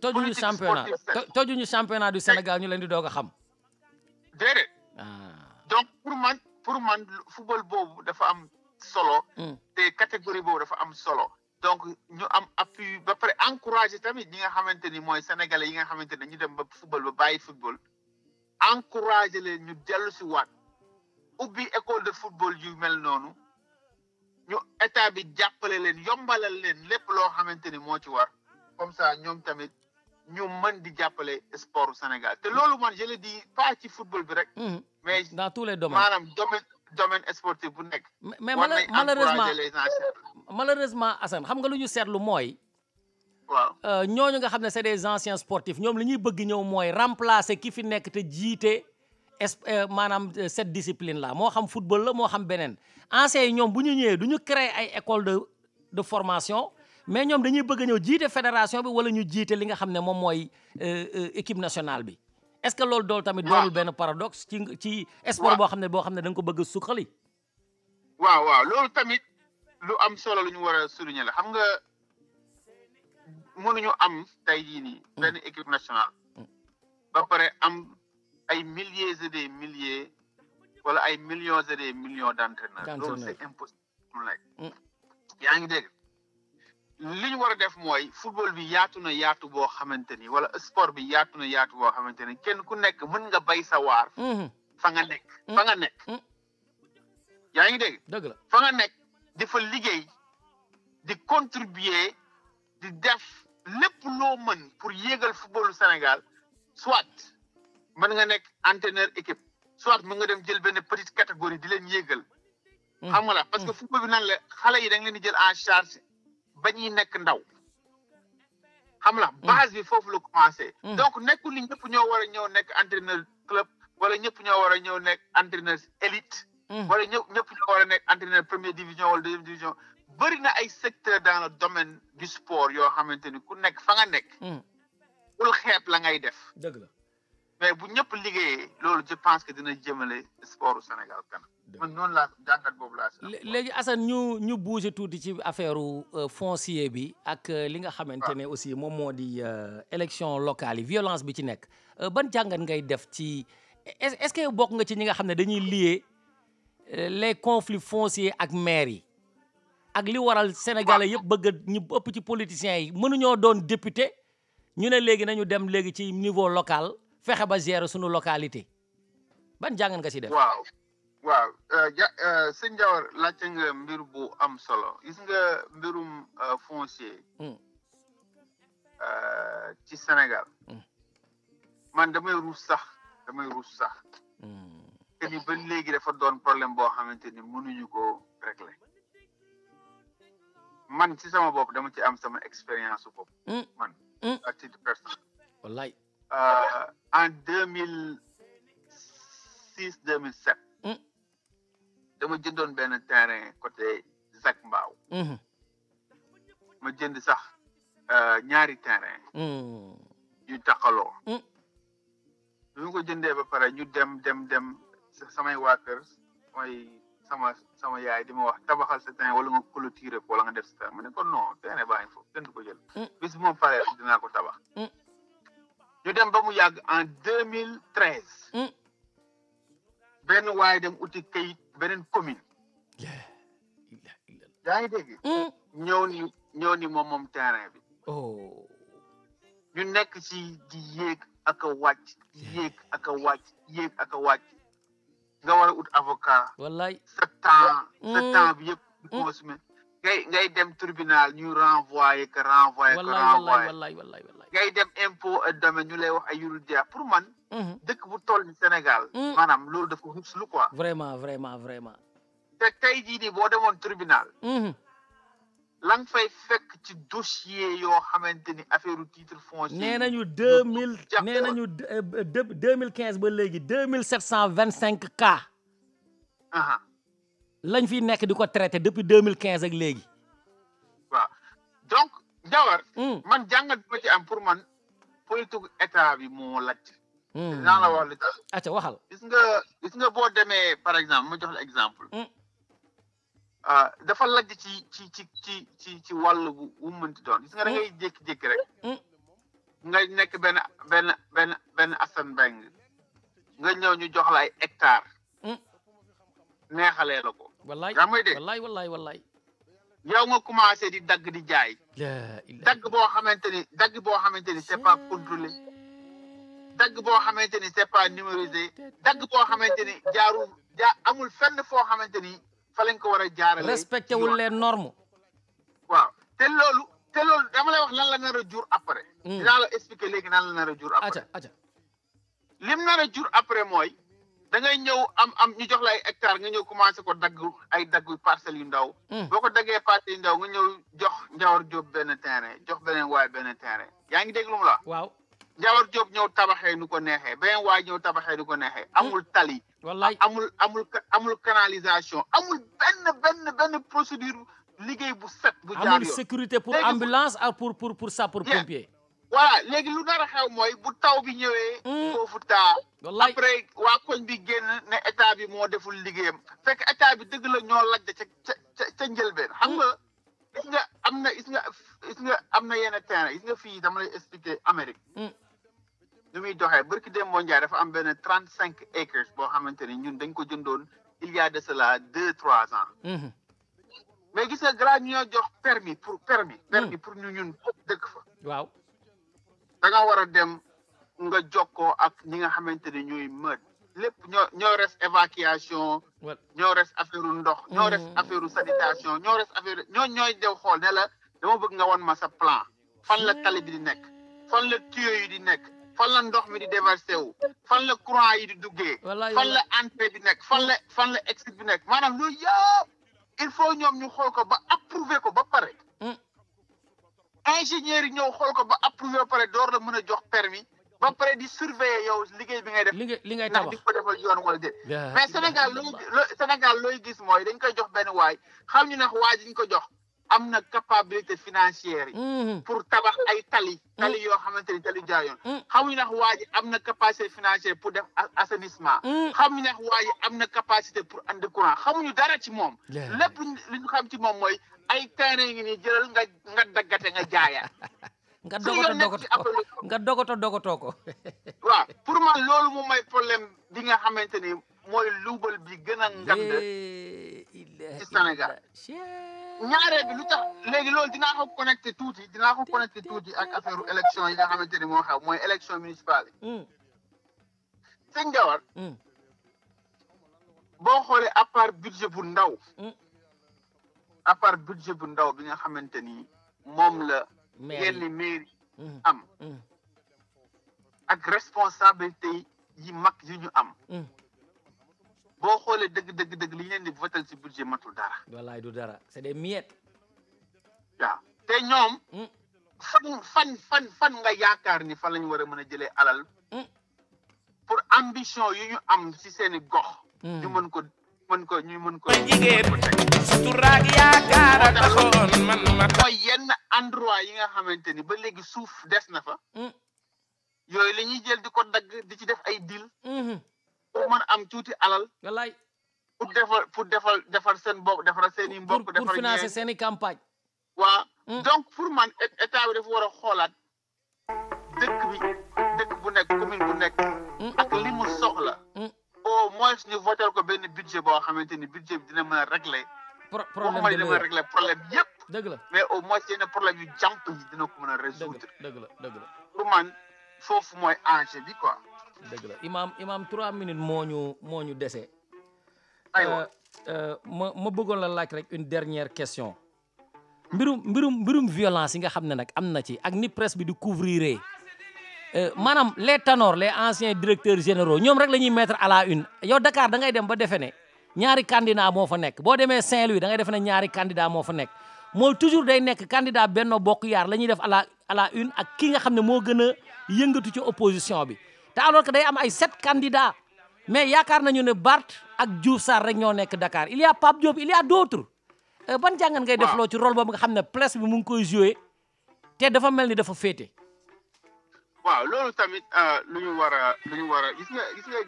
tojuñu championnat tojuñu championnat du Sénégal ñu leen di doog a xam. déedéet. Ah. donc pour man pour man football boobu dafa am. solo. Mm. te catégorie boobu dafa am solo. donc ñu am appui ba pare encouragé tamit ñi nga xamante ni mooy sénégalais yi nga xamante ne ñu dem ba football ba bàyyi football. encouragé leen ñu dellu si waat ubbi école de football yu mel noonu ñu état bi jàppale leen yombalal leen lépp loo xamante ni moo ci war comme ça ñoom tamit ñoom mën di jàppale sport Sénégal te loolu man je le dis pas ci football bi rek. Mm. mais dans tous les domaines domaine sportif bu nekk. mais malheureusement malheureusement Assane xam nga lu ñu seetlu mooy. waaw euh, ñooñu nga xam ne c'est des anciens sportifs ñoom li ñuy bëgg ñëw mooy remplacer ki fi nekk te jiite es euh, maanaam euh, cette discipline la moo xam football la moo xam beneen. anciens ñoom bu ñu ñëwee du ñu créer ay école de de formation mais ñoom dañuy bëgg ñëw jiite fédération bi wala ñu jiite li nga xam ne moom mooy équipe national bi. est-ce que loolu dool tamit ah. doolul benn paradoxe ci ci sport ah. boo xam ne boo xam ne da ko bëgg a suqali waaw waaw loolu tamit lu am solo lu ñu war a souligner xam nga mënuñu am tey jii nii mm. benn équipe nationale mm. ba pare am ay milliers et des milliers wala ay millions et des millions d'entraîneurs loolu mm. yaa ngi dégg li ñu war a def mooy football bi yaatu na yaatu boo xamante ni wala sport bi yaatu na yaatu boo xamante ni kenn ku nekk mën nga bay sawaar waar. Mm-hmm. fa nga nekk fa nga nekk. Mm-hmm. yaa ngi dégg. dëgg nga nekk di fa liggéey di contribuer di def lépp loo mën pour yéegal footballu Sénégal soit mën nga nekk entraîneur équipe soit mën nga dem jël benn petite catégorie di leen yéegal. Mm-hmm. xam nga la parce que football bi nan la xale yi da nga leen di jël en charge. ba ñuy nekk ndaw xam la mm. base bi foofu la commencé. Mm. donc nekkul ni ñëpp ñoo war a ñëw nekk entraîneur club wala ñëpp ñoo war a ñëw nekk entraîneur élite. Mm. wala ñëpp ñëpp ñoo a nekk entraîneur première division wala deuxième division bëri na ay secteur dans le domaine du sport yoo xamante ni ku nekk fa nga nekk. bul xeeb la ngay def. dëgg la mais bu ñëpp liggéeyee loolu je pense que dina jëmale sport Sénégal kanam. man noonu léegi Assane ñu ñu bouger tuuti ci affaire euh, foncier bi ak euh, li nga xamante ah. ne aussi moom moo di euh, élection locale yi violence bi ci nekk ban jàngat ngay def ci est-ce que bokk nga ci ñi nga xam ne dañuy lier les conflits foncier ak maire yi ak li waral sénégalais ah. yëpp bëgg ñu ëpp ci politiciens yi mënuñoo doon député ñu ne léegi nañu dem léegi ci niveau local fexe ba gérer suñu localité ban jàngat nga ci def waaw waaw euh, ja euh, sëñ Diawar laajte nga mbir bu am solo gis nga mbirum euh, foncier hmm. ci Sénégal hmm. man damay ruus sax damay ruus sax hmm. te ni ba léegi dafa doon problème boo xamante ni mënuñu ko régler man ci sama bopp dama ci am sama expérience bopp man à titre personnel wallaay en 2006 2007 dama jëndoon benn terrain coté Zac Mbao mhm. ma jënd sax euh, ñaari terrain ñu mhm. taqaloo mhm. bi ma ko jëndee ba pare ñu dem dem dem samay waa kër mooy sama sama yaay di ma wax tabaxal sa terrain wala nga clôturer ko wala nga def sa terrain ma ne ko non terrain baa ngi foofu kenn du ko jël bis bu ma paree dinaa ko ñu dem ba mu yàgg en deux mille treize benn waaye dem uti kayit beneen commune. yaa ngi dégg. Mm. ñëw ni ñëw ni moom moom terrain bi. Oh. ñu nekk ci di yéeg ak a wàcc di yéeg ak a wàcc yéeg nga war a ut avocat. wallaay sa temps sa bi yëpp. di consommé ngay dem tribunal ñu renvoyé que renvoyé que renvoyé. wallaay wallaay wallaay wallaay. ngay dem impôt domaine ñu lay wax ay yurul pour man. Mhm. dëkk bu toll ni Sénégal. Mm. maanaam loolu daf ko lu quoi. vraiment vraiment vraiment. te tey jii nii boo demoon tribunal. Mhm. la nga fay fekk ci dossier yoo xamante ni affaire titre foncier. nee nañu deux mille nee nañu deux mille quinze ba léegi deux mille sept cent vingt cinq cas. lañ fi nekk di ko traité depuis deux mille quinze ak léegi. waaw donc Diawar. Mm. man jàngat bi ma ci am pour man politique état bi moo lajj. Hmm. dinaa la wax li tax. ati waxal gis nga gis nga boo demee par exemple ma jox la exemple. Hmm. ah dafa lajj ci ci ci ci ci ci wàll mu mënti doon gis nga da hmm. ngay jékki-jékki rek. nga nekk benn benn benn benn Assane Mbengue nga ñëw ñu jox la ay hectares. neexalee la ko. wallaay wallaay wallaay wallaay. yow nga commencé di dagg di jaay. dagg boo xamante ni dagg boo xamante ni c'est dagg boo xamante ni c'est pas numérisé dagg boo xamante ni jaarul jaa amul fenn foo xamante ni fa lañ ko war a jaarale. respecté wul les normes. waaw ten loolu te loolu dama lay wax lan la nar a jur après. Hmm. dinaa la expliquer léegi nan la nar a jur après. lim nar a jur après mooy da ngay ñëw am am ñu jox la ay hectare nga ñëw commencé ko dagg ay dagg parcelles yu ndaw. Hmm. boo ko daggee parcelles yu ndaw nga ñëw jox Njawar Diop benn terrain jox beneen waay benn terrain yaa ngi dégg lu la Jawar Diop ñëw tabaxee nu ko neexe beneen waay ñëw tabaxee nu ko neexee hmm. amul tali. wallaay amul amul amul canalisation amul benn benn benn procédure liggéey bu set. bu jaar yoon amul sécurité pour pour pour pour sapeur pompier. voilà léegi lu nar a xew mooy bu taw bi ñëwee. Hmm. foofu taa. wallaay waa koñ bi génn ne état bi moo deful liggéeyam fekk état bi dëgg la ñoo laaj ca ca ca njëlbeen xam nga. Hmm. gis nga am na gis nga gis am na yenn terrain gis nga fii dama lay expliquer Amérique. nu muy doxee barki dem moo njaay dafa am benn trente cinq acres boo xamante ni ñun dañ ko jëndoon il de cela deux trois ans mhm. mais gis nga garaaj ñoo jox permis pour permis mhm. permis pour ñu ñun dëkk fa waaw da war a dem nga jokkoo ak ñi nga xamante ni ñuy mët lépp ñoo ñoo res évacuation ñoo res affaire ndox ñoo res mhm. affaire sanitation ñoo res ñoo ñooy dew xool ne la dama bëgg nga won ma sa plan fan la tali bi di nekk fan la tuyau di nekk fan la ndox mi di déversé wu fan la courant yi di duggee fan la ANPE bi nekk fan la fan la exit bi nekk maanaam loolu yëpp il faut ñoom ñu xool ko ba approuvé ko ba pare hmm. ingénieur yi ñëw xool ko ba approuvé ba pare door la mën a jox permis ba pare di surveiller yow liggéey bi ngay def li ngay tabax ndax di ko defal yoon wala déet mais Sénégal Sénégal looy gis mooy dañ koy jox benn waay xam ñu nag waa ji ñu ko jox am na capacité financière yi mm-hmm. pour tabax ay tali mm-hmm. tali yoo xamante ni tali jaayoon mm-hmm. xamuñu ndax waa ji am na capacité financière pour def assainissement xamuñu ndax waa ji am na capacité pour andi courant xamuñu dara ci moom lépp li ñu xam ci moom mooy ay terrain ngi nii jëlal nga nga daggate nga jaaya nga dogoto dogoto nga ko waaw pour man loolu moom mooy problème bi nga xamante ni mooy luubal bi gën a ngand ci Sénégal ñaareel bi lu tax léegi loolu dinaa ko connecté tuuti dinaa ko connecté tuuti ak affaire élection yi nga ni moo xew mooy élection municipale yi hmm. hmm. xoolee à part budget bu ndaw hmm. à part bu ndaw bi nga xamante ni moom la yenn mairie am ak responsabilité yi mag yi ñu am bo xolé deug deug deug li ñu di votal si budget matul dara. wallahi du dara c'est des miettes. ya té ñom hmm. fan fan fan fan nga yaakar ni fa la wara mëna jëlé alal. Hmm. pour ambition yu ñu am ci seen gox. Hmm. ñu mën ko mën ko ñu mën ko. jigéen suturaak yaakaar a taxoon man ma. ko yenn endroit yi nga xamanteni ba légui souf dess na fa. yoy lañuy jël di dag di ci def ay deal pour man am tuuti alal. wallaay pour defar pour defar defar seen bopp defar seen i mbokk. defar pour financer seen i campagne. waa hmm. donc pour man état bi dafa war a xoolaat dëkk bi dëkk bu nekk commune bu nekk. Hmm. ak li soxla. Hmm. au moins ñu voté ko budget boo xamante ni budget bi dina mën a régler. problème bi dina mën régler problème yëpp. dëgg la mais au moins yenn problème yu jàmp yi dina ko mën résoudre. dëgg la dëgg la pour man foofu mooy enjeu bi quoi. dëgg la imaam imaam trois minutes moo ñu moo ñu dese. aywa euh, euh, ma ma bëggoon la laaj rek une dernière question. mbirum mbirum mbirum violence yi nga xam ne nag am na ci ak ni presse bi di couvrir euh, maanaam les ténors les anciens directeurs généraux ñoom rek la ñuy mettre à la une yow Dakar dangay dem ba defe ne ñaari candidat moo fa nekk boo demee Saint-Louis da ngay defe ne ñaari candidat moo fa nekk moo toujours day nekk candidat Benno Bokk Yaar la ñuy def à la une ak ki nga xam ne moo gën a yëngatu ci opposition bi te alors que day am ay sept candidats mais yaakaar nañu ne Bart ak Diouf Sarr rek ñoo nekk Dakar il y a Pape Diop il y a euh, ban jàngat ngay def loo ci rôle boobu nga xam ne presse bi mu ngi koy joué te dafa mel ni dafa féete. waaw loolu tamit euh, lu ñu war a lu ñu war a gis nga gis nga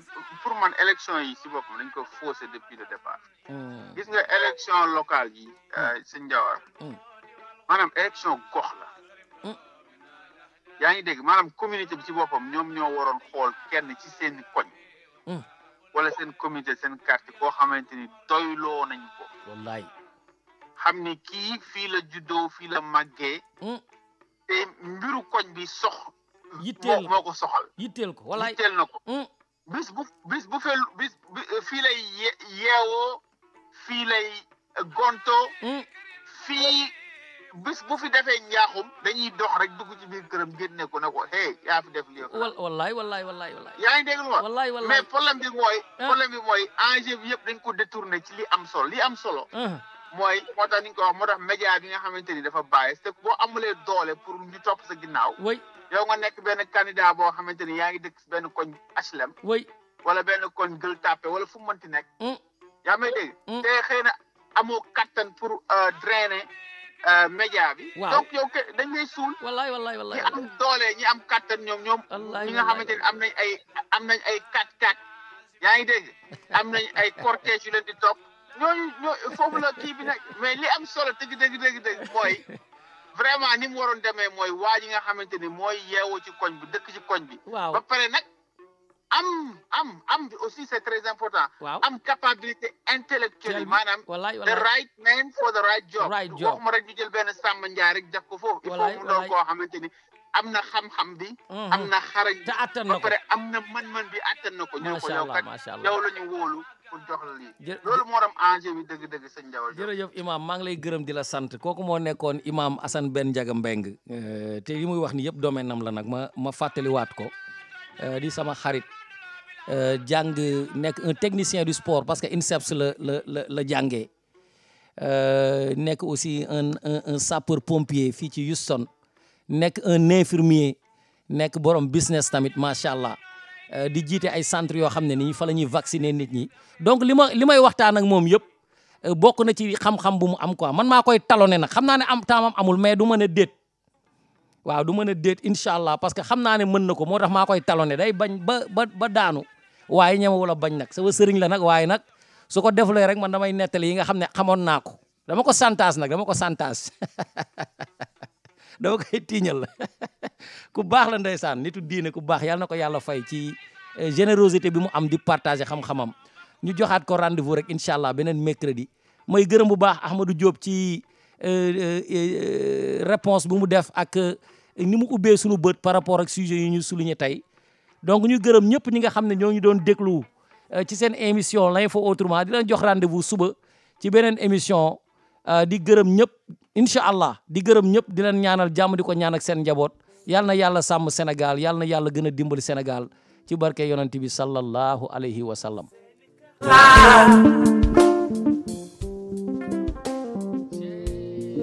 pour man élection yi si boppam dañ ko faussé depuis le départ. Hmm. gis nga élection locale yi. Euh, sëñ Ndiawar. Hmm. maanaam élection gox la. yaa ngi dégg maanaam communité bi ci boppam ñoom ñoo waroon xool kenn ci seeni koñ. Hmm. wala seen communauté seen quartier koo xamante ni doyloo nañ ko. wallaay xam ni kii fii la juddoo fii la màggee. Hmm. te mbiru koñ bi sox. yitteel moo ko soxal. yitteel ko wallaay yitteel na ko. Hmm. bis bu bis bu fee bis fii lay yeewoo fii lay gonto. fii. bis bu fi defee njaaxum dañuy dox rek dugg ci biir këram génne ko ne ko hey yaa fi def lii. wallaay wallaay wallaay wallaay. yaa ngi dégg lu ma wallaay wallaay mais problème bi mooy. Ah. problème yëpp dañ ko détourné ci li am solo li am solo. Ah. mooy moo tax ni ñu ko wax moo tax média bi nga xamante ni dafa bàyyi te boo amulee doole pour ñu topp sa ginnaaw. oui yow nga nekk benn candidat boo xamante ni yaa ngi dëkk benn koñ HLM. oui wala benn koñ Gueule Tapée wala fu mu mënti nekk. Mm. yaa may mm. te xëy na amoo kattan pour euh, drainer. Euh, média bi. waaw donc dañ lay suul. wallaay wallaay wallaay ñi am doole ñi am kattan ñoom ñoom. ñi nga xamante ne am nañ ay am nañ ay kat kat. yaa ngi dégg am nañ ay cortège yu leen di topp ñooñu ñoo foofu la kii bi nag mais li am solo dëgg dëgg dëgg dëgg mooy vraiment ni mu waroon demee mooy waa ji nga xamante ni mooy yeewoo ci koñ bi dëkk ci koñ bi. waaw am am am aussi c'est très important am capacité intellectuelle maanaam the right man for the right job right job rek ñu jël rek def ko il faut mu xam-xam bi mhm. bi ñoo ko kat yow jërëjëf imam maa ngi lay gërëm di la sant kooku moo nekkoon imam asan Ben Ndiaga Mbengue euh, te li muy wax ni yëpp domaine am la nag ma ma fàttaliwaat ko euh, di sama xarit Euh, jàng nekk un technicien du sport parce que INSEPS la la la la jàngee euh, nekk aussi un un un sapeur pompier fii ci Houston nekk un infirmier nekk borom business tamit macha allah euh, di jiite ay centre yoo xam ne nii fa la ñuy vacciner nit ñi donc li ma li may waxtaan ak moom yëpp bokk na ci xam-xam bu mu am quoi man maa koy talonné nag xam naa ne am taamam amul mais du ma ne déet. waaw du mën a déet incha allah parce que xam naa ne mën na ko moo tax maa koy talone day bañ ba ba ba daanu waaye ñeme wala bañ nag sa sëriñ la nag waaye nag su ko defulee rek man damay nettali yi nga xam ne xamoon naa ko dama ko santaas nag dama ko santaas dama koy la ku baax la ndeysaan nitu diine ku baax yàlla na ko yàlla fay ci eh, générosité bi mu am di partager xam-xamam ñu joxaat ko rendez-vous rek incha allah beneen mercredi may gërëm bu baax Ahmadou Diop ci Euh, euh, euh, réponse bu mu def ak ni mu ubbee suñu bët par rapport ak sujet yi ñu sulu souligné tey donc ñu gërëm ñëpp ñi nga xam ne ñoo ñu doon déglu ci seen émission l'info autrement di leen jox rendez suba ci beneen émission di gërëm ñëpp incha allah di gërëm ñëpp di leen ñaanal jàmm di ko ñaan seen njaboot yal na yàlla sàmm Sénégal yal na yàlla gën a dimbali Sénégal ci barke yonent bi sallallahu alayhi wa sallam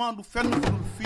commande fenn fudul